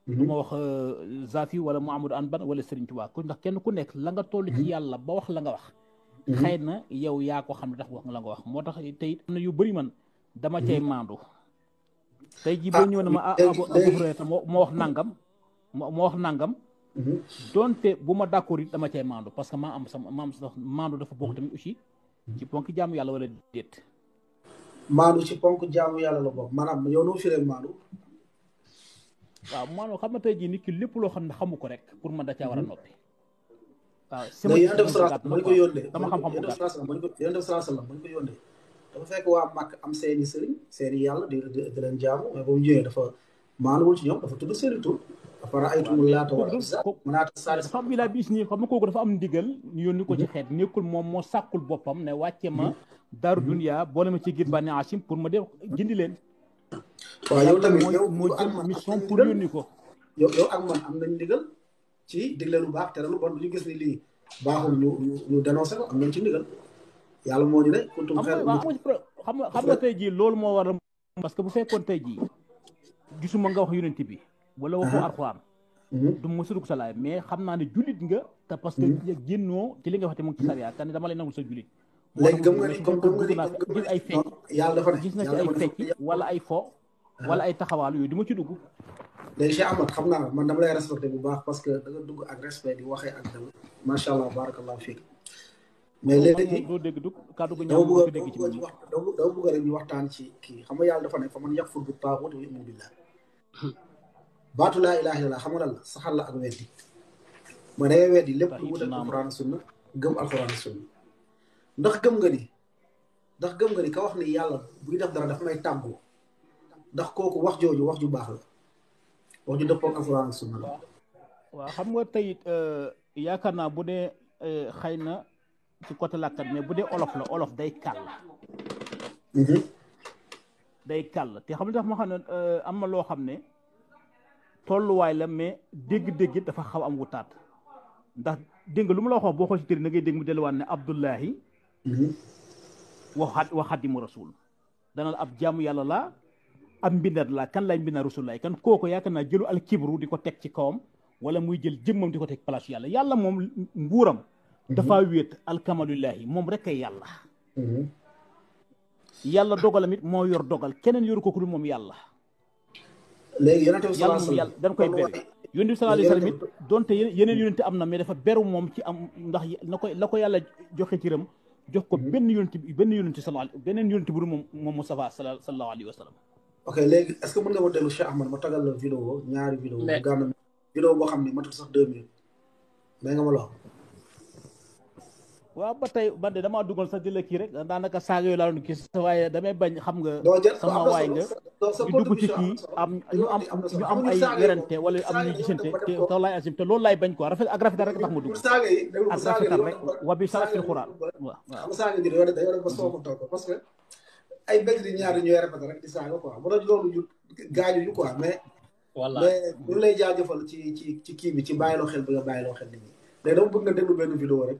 mhm. du ma wax euh, Zafi wala Mouhamadou Anban wala Serigne Touba ku ndax kenn ku nekk la nga toll ci mhm. yàlla ba wax la nga wax xëy na yow yaa ko xam ne tax wax nga la nga wax moo tax tey am yu bëri man dama cay maandu tey ji ah, boo ñëw ne ma ah Abu moo wax nangam moo wax nangam donte bu ma d'accord it dama cay maandu parce que maa am sama maa am sama maandu dafa bokk tamit aussi ci ponk jaamu yàlla wala déet. maandu ci ponk jaamu yàlla la bokk maanaam yow noo firee waaw maanaam xam nga tey jii nit ki lépp loo xam ne xamu ko rek pour man da caa war a mm-hmm. noppi. waaw si yéen def salaas ko yónnee sama xam-xam yéen def salaas ko yéen def salaas bañ dafa fekk waa Màkk am seeni sëriñ seeni yàlla de di leen jaamu mais ba mu ñëwee dafa maanduwul ci ñoom dafa tudd seeni tur afara'aytumu laata wal uzza bi laa bis nii xam nga kooku dafa am ndigal ñu yónni ko ci xeet mm-hmm. nekkul moom moo sàkkul boppam ne wàcce ma mm-hmm. daaru mm-hmm. dunya boole ma ci gir bànni asim pour ma def jindi leen waaw yow tamit yow moo jël mission pour yónni ko yow yow ak am nañ ndigal ci digle lu baax tere lu bon ñu gis ni lii baaxul ñu ñu ko am nañ ci ndigal yàlla moo ñu ne kuntum xam nga xam nga tey jii loolu moo war a parce que bu fekkoon tey jii gisuma nga wax yonent bi wala waxoo uh-huh. alxuraan uh-huh. du mosu dugg sa laay mais xam naa ne jullit nga te parce que uh-huh. génnoo ci li nga wax te mu ngi ci sariya te ne dama lay nangul sa jullit léegi gëm nga ni ay fecc yàlla dafa ne na ci ay wala ay fo wala ay taxawaalu yooyu du ma ci dugg léegi Cheikh Ahmad xam naa man dama lay respecté bu baax parce que daga dugg ak respect di waxee ak dal macha allah barakallahu fiik mais léegi doo dégg du kàddu gu ñaaw doo dégg ci man dama bëgg rek ñu kii xam nga yàlla dafa ne fa man yàq [LAUGHS] baatu laa ilaaha illallah xam nga lan la saxal la ak weddi ma day weddi lépp lu wutal alxuraan gëm alxuraan gëm nga ni ndax gëm nga ni ka wax ni yàlla buy def dara dafa may tàggoo wax jooju wax ju baax la ju dëppoo ak alxuraan sunna waaw xam nga tey euh, yaakaar naa bu dee euh, xëy na ci côté làkkat mais bu dee olof la olof day kàll mhm. day kàll te xam ne tax xam ne euh, am na loo xam ne tolluwaay la mais dégg-dégg dafa xaw am wutaat ndax dégg lu mu la waxoon boo xoo ci tëri na ngay dégg mu delluwaat ne Abdullahi waxaat waxaat yi mu rasul dana ab jaamu yàlla la ab mbindaat la kan lay mbindaat rasul lay kan kooku yaakaar naa jëlu alkibru di ko teg ci kawam wala muy jël jëmmam di ko teg place yàlla yàlla moom nguuram dafa wéet alkamalullahi moom rek ay yàlla yàlla dogal it moo yor dogal keneen yoru ko ku dul moom yàlla léegi yonente bi sallallahu alayhi wasallam koy beru yonente bi sallallahu alayhi wasallam it donte yeneen yonente am na mais dafa beru moom ci am ndax na koy la ko yàlla joxe cëram jox ko mhm. benn yonente benn yonente sallallahu beneen yonente bu dul moom moom Mustafa sallallahu alayhi wasallam ok léegi est ce que mën nga ma dellu Cheikh Ahmad ma tagal la vidéo ñaari vidéo gànna vidéo boo xam ma matul sax deux minutes mais nga ma la waaw ba tey man de damaa dugal sax di kii rek daanaka saaga yooyu laa doon gis waaye damay bañ xam nga sama waay nga ñu dugg ci kii am ñu am am ay werante wala am ñu gisante te wallaay asim te loolu laay bañ quoi rafet ak rafetal rek tax ma dugg ak rafetal rek wa bi sarafil xuraan waaw waaw saaga ji dañoo def ba a toog parce que ay bëgg di ñaari ñooy rafetal rek di ci ci ci kii bi ci bàyyiloo xel bi nga bàyyiloo xel nit ñi léegi dama bëgg rek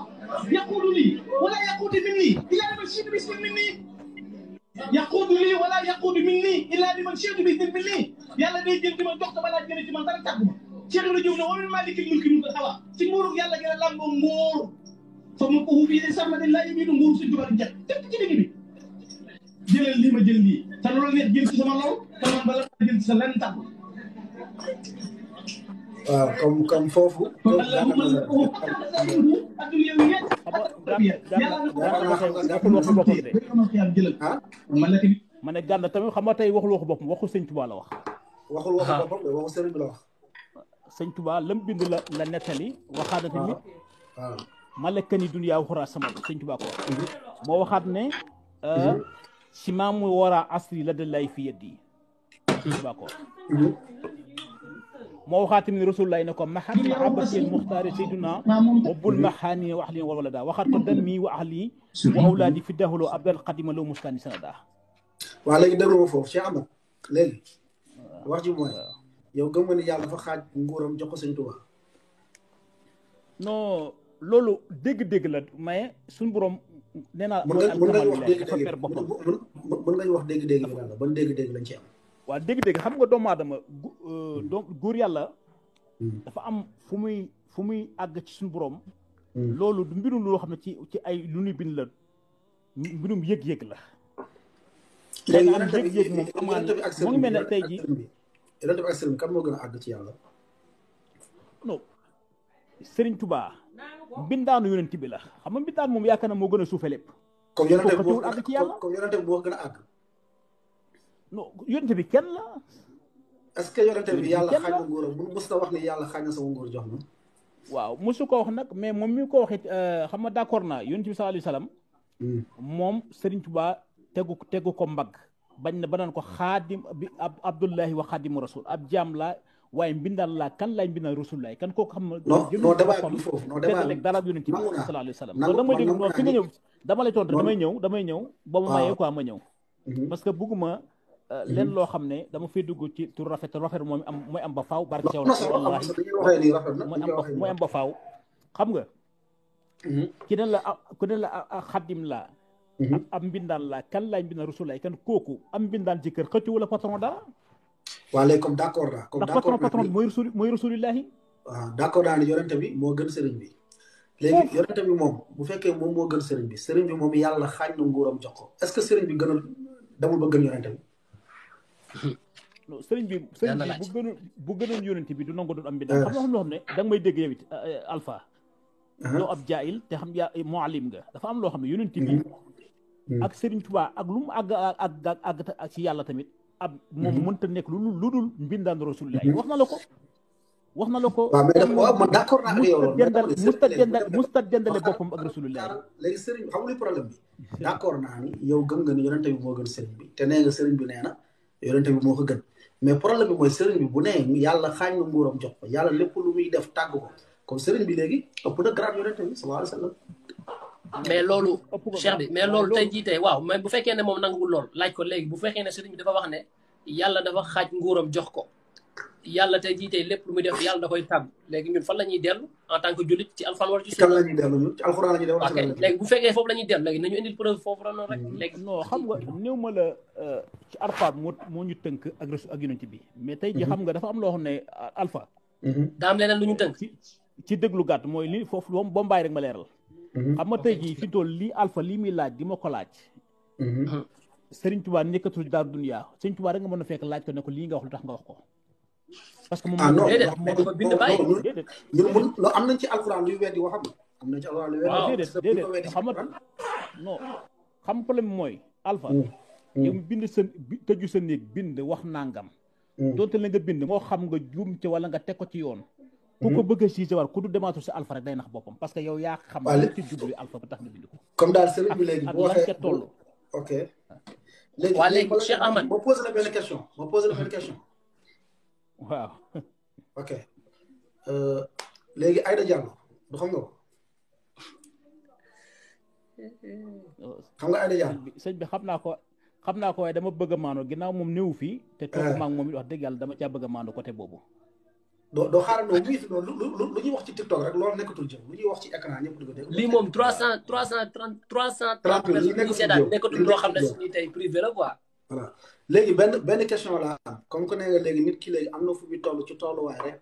يقول لي ولا يقود مني إلا لمن شئت باسم مني يقود لي ولا يقود مني إلا لمن شئت باسم مني yàlla di ma jox sama laaj gën a ci man dara tàggu ma Cheikh Ibrahima Diop ne wa min maalikil mulki mulkul xawa ci nguurug yàlla gën a làmboo nguur fa mu ko xubi de sàmm dañ laa yëngu nguur suñ tubaab di njëkk tëpp ci digg bi jëlal ma jël lii te loolu nekk sa lenn waaw comme comme foofu. ma ne gànn tamit xam nga tey waxul waxu boppam waxu sëñ Touba la wax. waxul waxu boppam de waxu sëriñ bi la wax. sëñ Touba lam bind la la nettali. waxaat tamit. waaw malakani dunya waxuraa sama sëñ Touba ko wax. moo waxaat ne. si maamu wara asri la de lay fi yeddi. sëñ Touba ko wax. مو خاتم رسول الله إنكم محمد عبد المختار سيدنا وب المحاني وأهلي وولدا وخر قدمي وأهلي وأولادي في الدهل وأبد القديم لو مسكاني سندا وعليك دبر وفوف شي عمل ليل ورجي موي yow gëm nga ni yàlla dafa xaaj nguuram jox ko sëñ Tuubaa non loolu dégg-dégg la mais suñ borom nee naa mën nga wax dégg-dégg mën nga wax dégg-dégg la ban waa dégg-dégg xam nga doomu aadama euh, hmm. doom góor yàlla hmm. dafa am fu muy fu muy àgg ci suñu borom hmm. loolu du mbirum loo xam ne ci ci ay lu ñuy bind la mbirum yëg-yëg la léegi am yëg-yëg moom amaan mu ngi mel ne tey ji yonent bi ak sëriñ kan moo gën a àgg ci yàlla non sëriñ Tuubaa mbindaanu yonent bi la xam nga mbindaan moom yaakaar na moo gën a suufe lépp comme yonent bi moo gën a àgg non bi kenn la. est que yonent bi yàlla xañ na nguuram bu mës na wax ne yàlla xañ na sama nguur jox na. waaw mosu ko wax nag mais moom mi ko waxit euh, xam nga d'accord naa yonent bi sallallahu alayhi wasallam hmm. moom Serigne Touba tegu tegu ko mbagg. bañ na ba naan ko xaadim bi ab Abdullahi wa xaadimu rasul ab jaam laa waaye mbindal laa kan laay mbindal rasul laay kan kooku xam nga. non non damaa bi foofu non damaa bi dara yonent bi sallallahu alayhi wasallam. nan la la ko fi nga ñëw dama lay tontu damay ñëw damay ñëw. waaw ba ma ah. mayee quoi ma ñëw. Mhm. parce que bëgguma leen loo xam ne dama fiy dugg ci tur rafet rafet mooy am mooy am ba faaw barke sew wallahi mooy am ba mooy xam nga ki ne la ku ne la xadim la am mbindaan la kan laay mbindaan rasulay kan kooku am mbindaan ci kër xëccu wala patron dara waa léegi comme d' accord naa comme d' accord patron patron mooy rasul mooy rasulillahi waaw d' accord naa ne yonente bi moo gën sëriñ bi léegi yonente bi moom bu fekkee moom moo gën sëriñ bi sëriñ bi moom yàlla xaaj na nguuram jox ko est ce que sëriñ bi gënal demul ba gën yonente bi sëriñ bi sëriñ bi bu gënoon bu gënoon yónent bi du nangu doon am bi daal eh. xam nga loo xam ne da may dégg yow it eh, eh, alpha uh-huh. ab jaayil te xam yaa muallim nga dafa am loo xam ne yónent bi mm-hmm. mm-hmm. ak sëriñ Tuubaa ak lu mu àgg ag àgg ak ci yàlla tamit ab moom mm-hmm. mënta nekk lu lu dul mbindaan rasulillahi wax na la ko wax na la ko waaw man d'accord naa ak yow musta dendal musta dendale boppam ak rasulullah léegi sëriñ xam nga problème bi d'accord naa yow gëm nga ni yónent bi moo gën te nee nga sëriñ bi nee na yonente bi moo ko gën mais problème bi mooy sëriñ bi bu nee yàlla xaañ ma nguuram jox ko yàlla lépp lu muy def tàgg ko comme sëriñ bi léegi ëpp na grade yonente bi sallallahu alayhi wasallam mais loolu cheikh bi mais loolu tey jii tey waaw mais bu fekkee ne moom nanguwul lool laaj ko léegi bu fekkee ne sëriñ bi dafa wax ne yàlla dafa xaaj nguuram jox ko yalla tay jité lepp lu muy def yalla da koy tàgg légui ñun fa lañuy ñuy en tant que julit ci alcorane wala ci sunna kan lañuy ñuy ñun ci alcorane lañuy ñuy dellu ok léegi bu féké fofu lañuy ñuy légui nañu indi preuve fofu ra non rek mm-hmm. légui non xam nga newma la euh, ci arfaat mo mo ñu teunk ak resu ak yonent bi mais tay ji mm-hmm. xam nga dafa am lo xone alpha mm-hmm. da am leneen lu ñu teunk ci deglu gatt moy li fofu bo mbay rek ma leral xam nga tay ji fi tol li alpha li mi laaj di ma ko laaj serigne touba nekatul dar dunya serigne touba rek nga mëna fekk laaj ko ne ko li nga wax lutax nga wax ko parce que moom ah non ñun mun am nañ ci alxuraan luy weddi waxam am nañ ci alxuraan luy weddi déedéet déedéet xam nga non xam problème mooy alpha mm, mm. yow bind sa tëju sa néeg bind wax nangam mm. doonte la moo xam nga juum ci wala nga teg ko ci yoon ku ko bëgg a siise war ku du nax boppam parce que yow yaa xam nga ci jublu alpha ba tax nga bind bi léegi boo waxee toll ok léegi waa léegi Cheikh waaw. ok euh, léegi Aïda Diallo du xam nga ko. xam naa ko xam naa dama bëgg a maandu ginnaaw moom néew fii. te toog ah. maa ngi moom it wax dëgg yàlla dama caa bëgg a maandu boobu. doo doo xaaral doo muy lu lu lu ñuy wax ci TikTok rek loolu nekkatul jëm lu ñuy wax ci écran ñëpp di ko dégg. lii moom trois cent trois cent trente trois cent. trente mille nekkatul jëm nekkatul loo xam ne suñuy tey privé la quoi. voilà léegi benn benn question la am comme que nee nga léegi nit ki léegi am na fu muy toll ci tolluwaay rek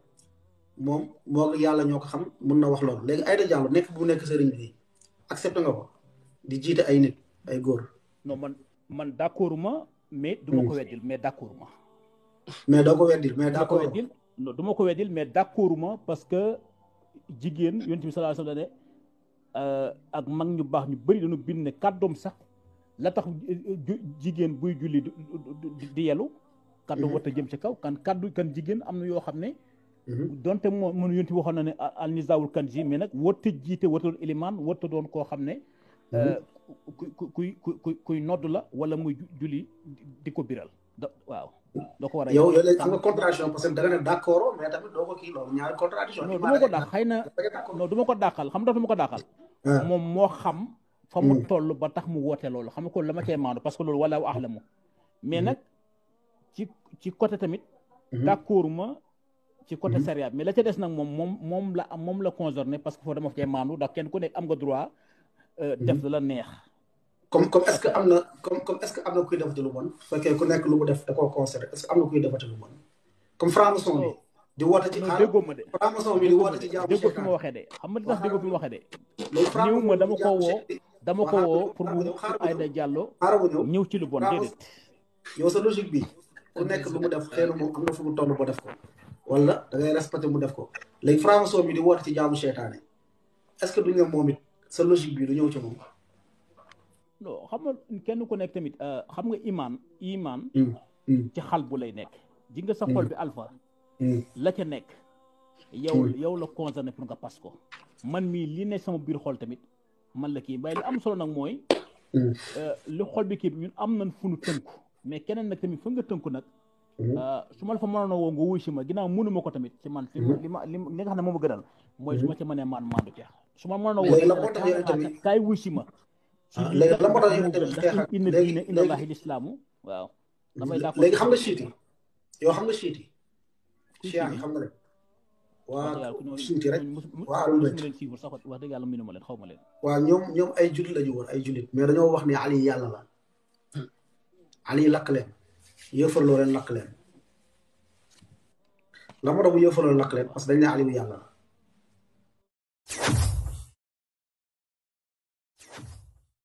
moom moo yàlla ñoo ko xam mun na wax loolu léegi Aida Diallo nekk bu nekk sëriñ bi accepté di jiite ay nit ay góor. noo man man d' accord ma mais du ko hmm. weddil mais d' accord ma. mais doo ko weddil mais d' accord ma non du ko weddil mais d' accord ma parce que jigéen yonent bi sallallahu alayhi wa euh, ak mag ñu baax ñu bëri dañu bind ne kàddoom sax. la tax jigéen buy julli di yelu kaddu mhm. war a jëm ci kaw kan kaddu kan jigéen am na yoo xam ne mhm. donte moo mun yunti waxoon na ne alnisaawul kan ji mais nag warta jiite warta doon ilimaan warta doon koo xam ne kuy mhm. euh, kuy kuy nodd la wala muy julli di ko biral da waaw doo ko war a yow yow léegi am nga contradiction parce que da ko kii loolu ñaari ko dàq xëy na non du ko dàqal xam nga du ko dàqal ah. moom moo xam fa mu toll ba tax mu woote loolu xam nga kon la ma parce que loolu walaaw axlamu mais nag ci ci côté tamit d'accord ma ci côté sariya mais la ca des nag moom moom la moom la concerné parce que foofu dama fa cee maandu ndax ku nekk am nga droit def la neex comme comme est-ce que am comme comme est-ce que am kuy defati lu bon fekkee ku nekk lu mu def da koo concerné est-ce que am kuy defati lu bon comme franc-maçon bi di woote ci déggoo ma de franc-maçon bi di woote ci jaamu déggoo fi ma de xam nga tax déggoo fi ma de néew ma dama ko woo dama ko woo pour mu Aïda Diallo ñëw ci lu bon déedéet. yow sa logique bi ku nekk lu mu def xëy na moom am na mu def ko wala da ngay mu def ko léegi franc-maçon bi di woote ci jaamu seetaane est-ce que du ñu moom it sa logique bi du ñëw ci moom. xam nga kenn ku nekk tamit euh, xam nga imaan imaan mm, mm. ci xal bu lay nekk ji nga sa mm. xol bi alpha la ca nekk yow yow la concerné pour nga pas ko man mii li ne sama biir xol tamit man la kii bàyyi li am solo nag mooy. li xol bi kii ñun am nañ fu nu tënku mais keneen nag tamit fu nga tënku nag. su ma la fa mënoon a woo nga wuy si ma ginnaaw mënu ma ko tamit ci man. li ma li nga xam ne moom a gënal. mooy su ma ci mënee maan maandu ca. su ma mënoon a woo léegi la moo tax yow tamit kaay wuy si ma. léegi la moo tax yow tamit xeex ak inna diina inna allahi lislaamu waaw. damay d'accord léegi xam nga siiti yoo xam nga siiti. siiti xam nga rek. waa suuti rek waa alul bayt wax dëgg yàlla mënu ma leen xaw ma leen waaw ñoom ñoom ay jullit la ñu woon ay julit mais dañoo wax ne ali yàlla la ali lakk leen yëfarloo leen lakk leen la ma doon yëfarloo leen parce que dañ ne ali yàlla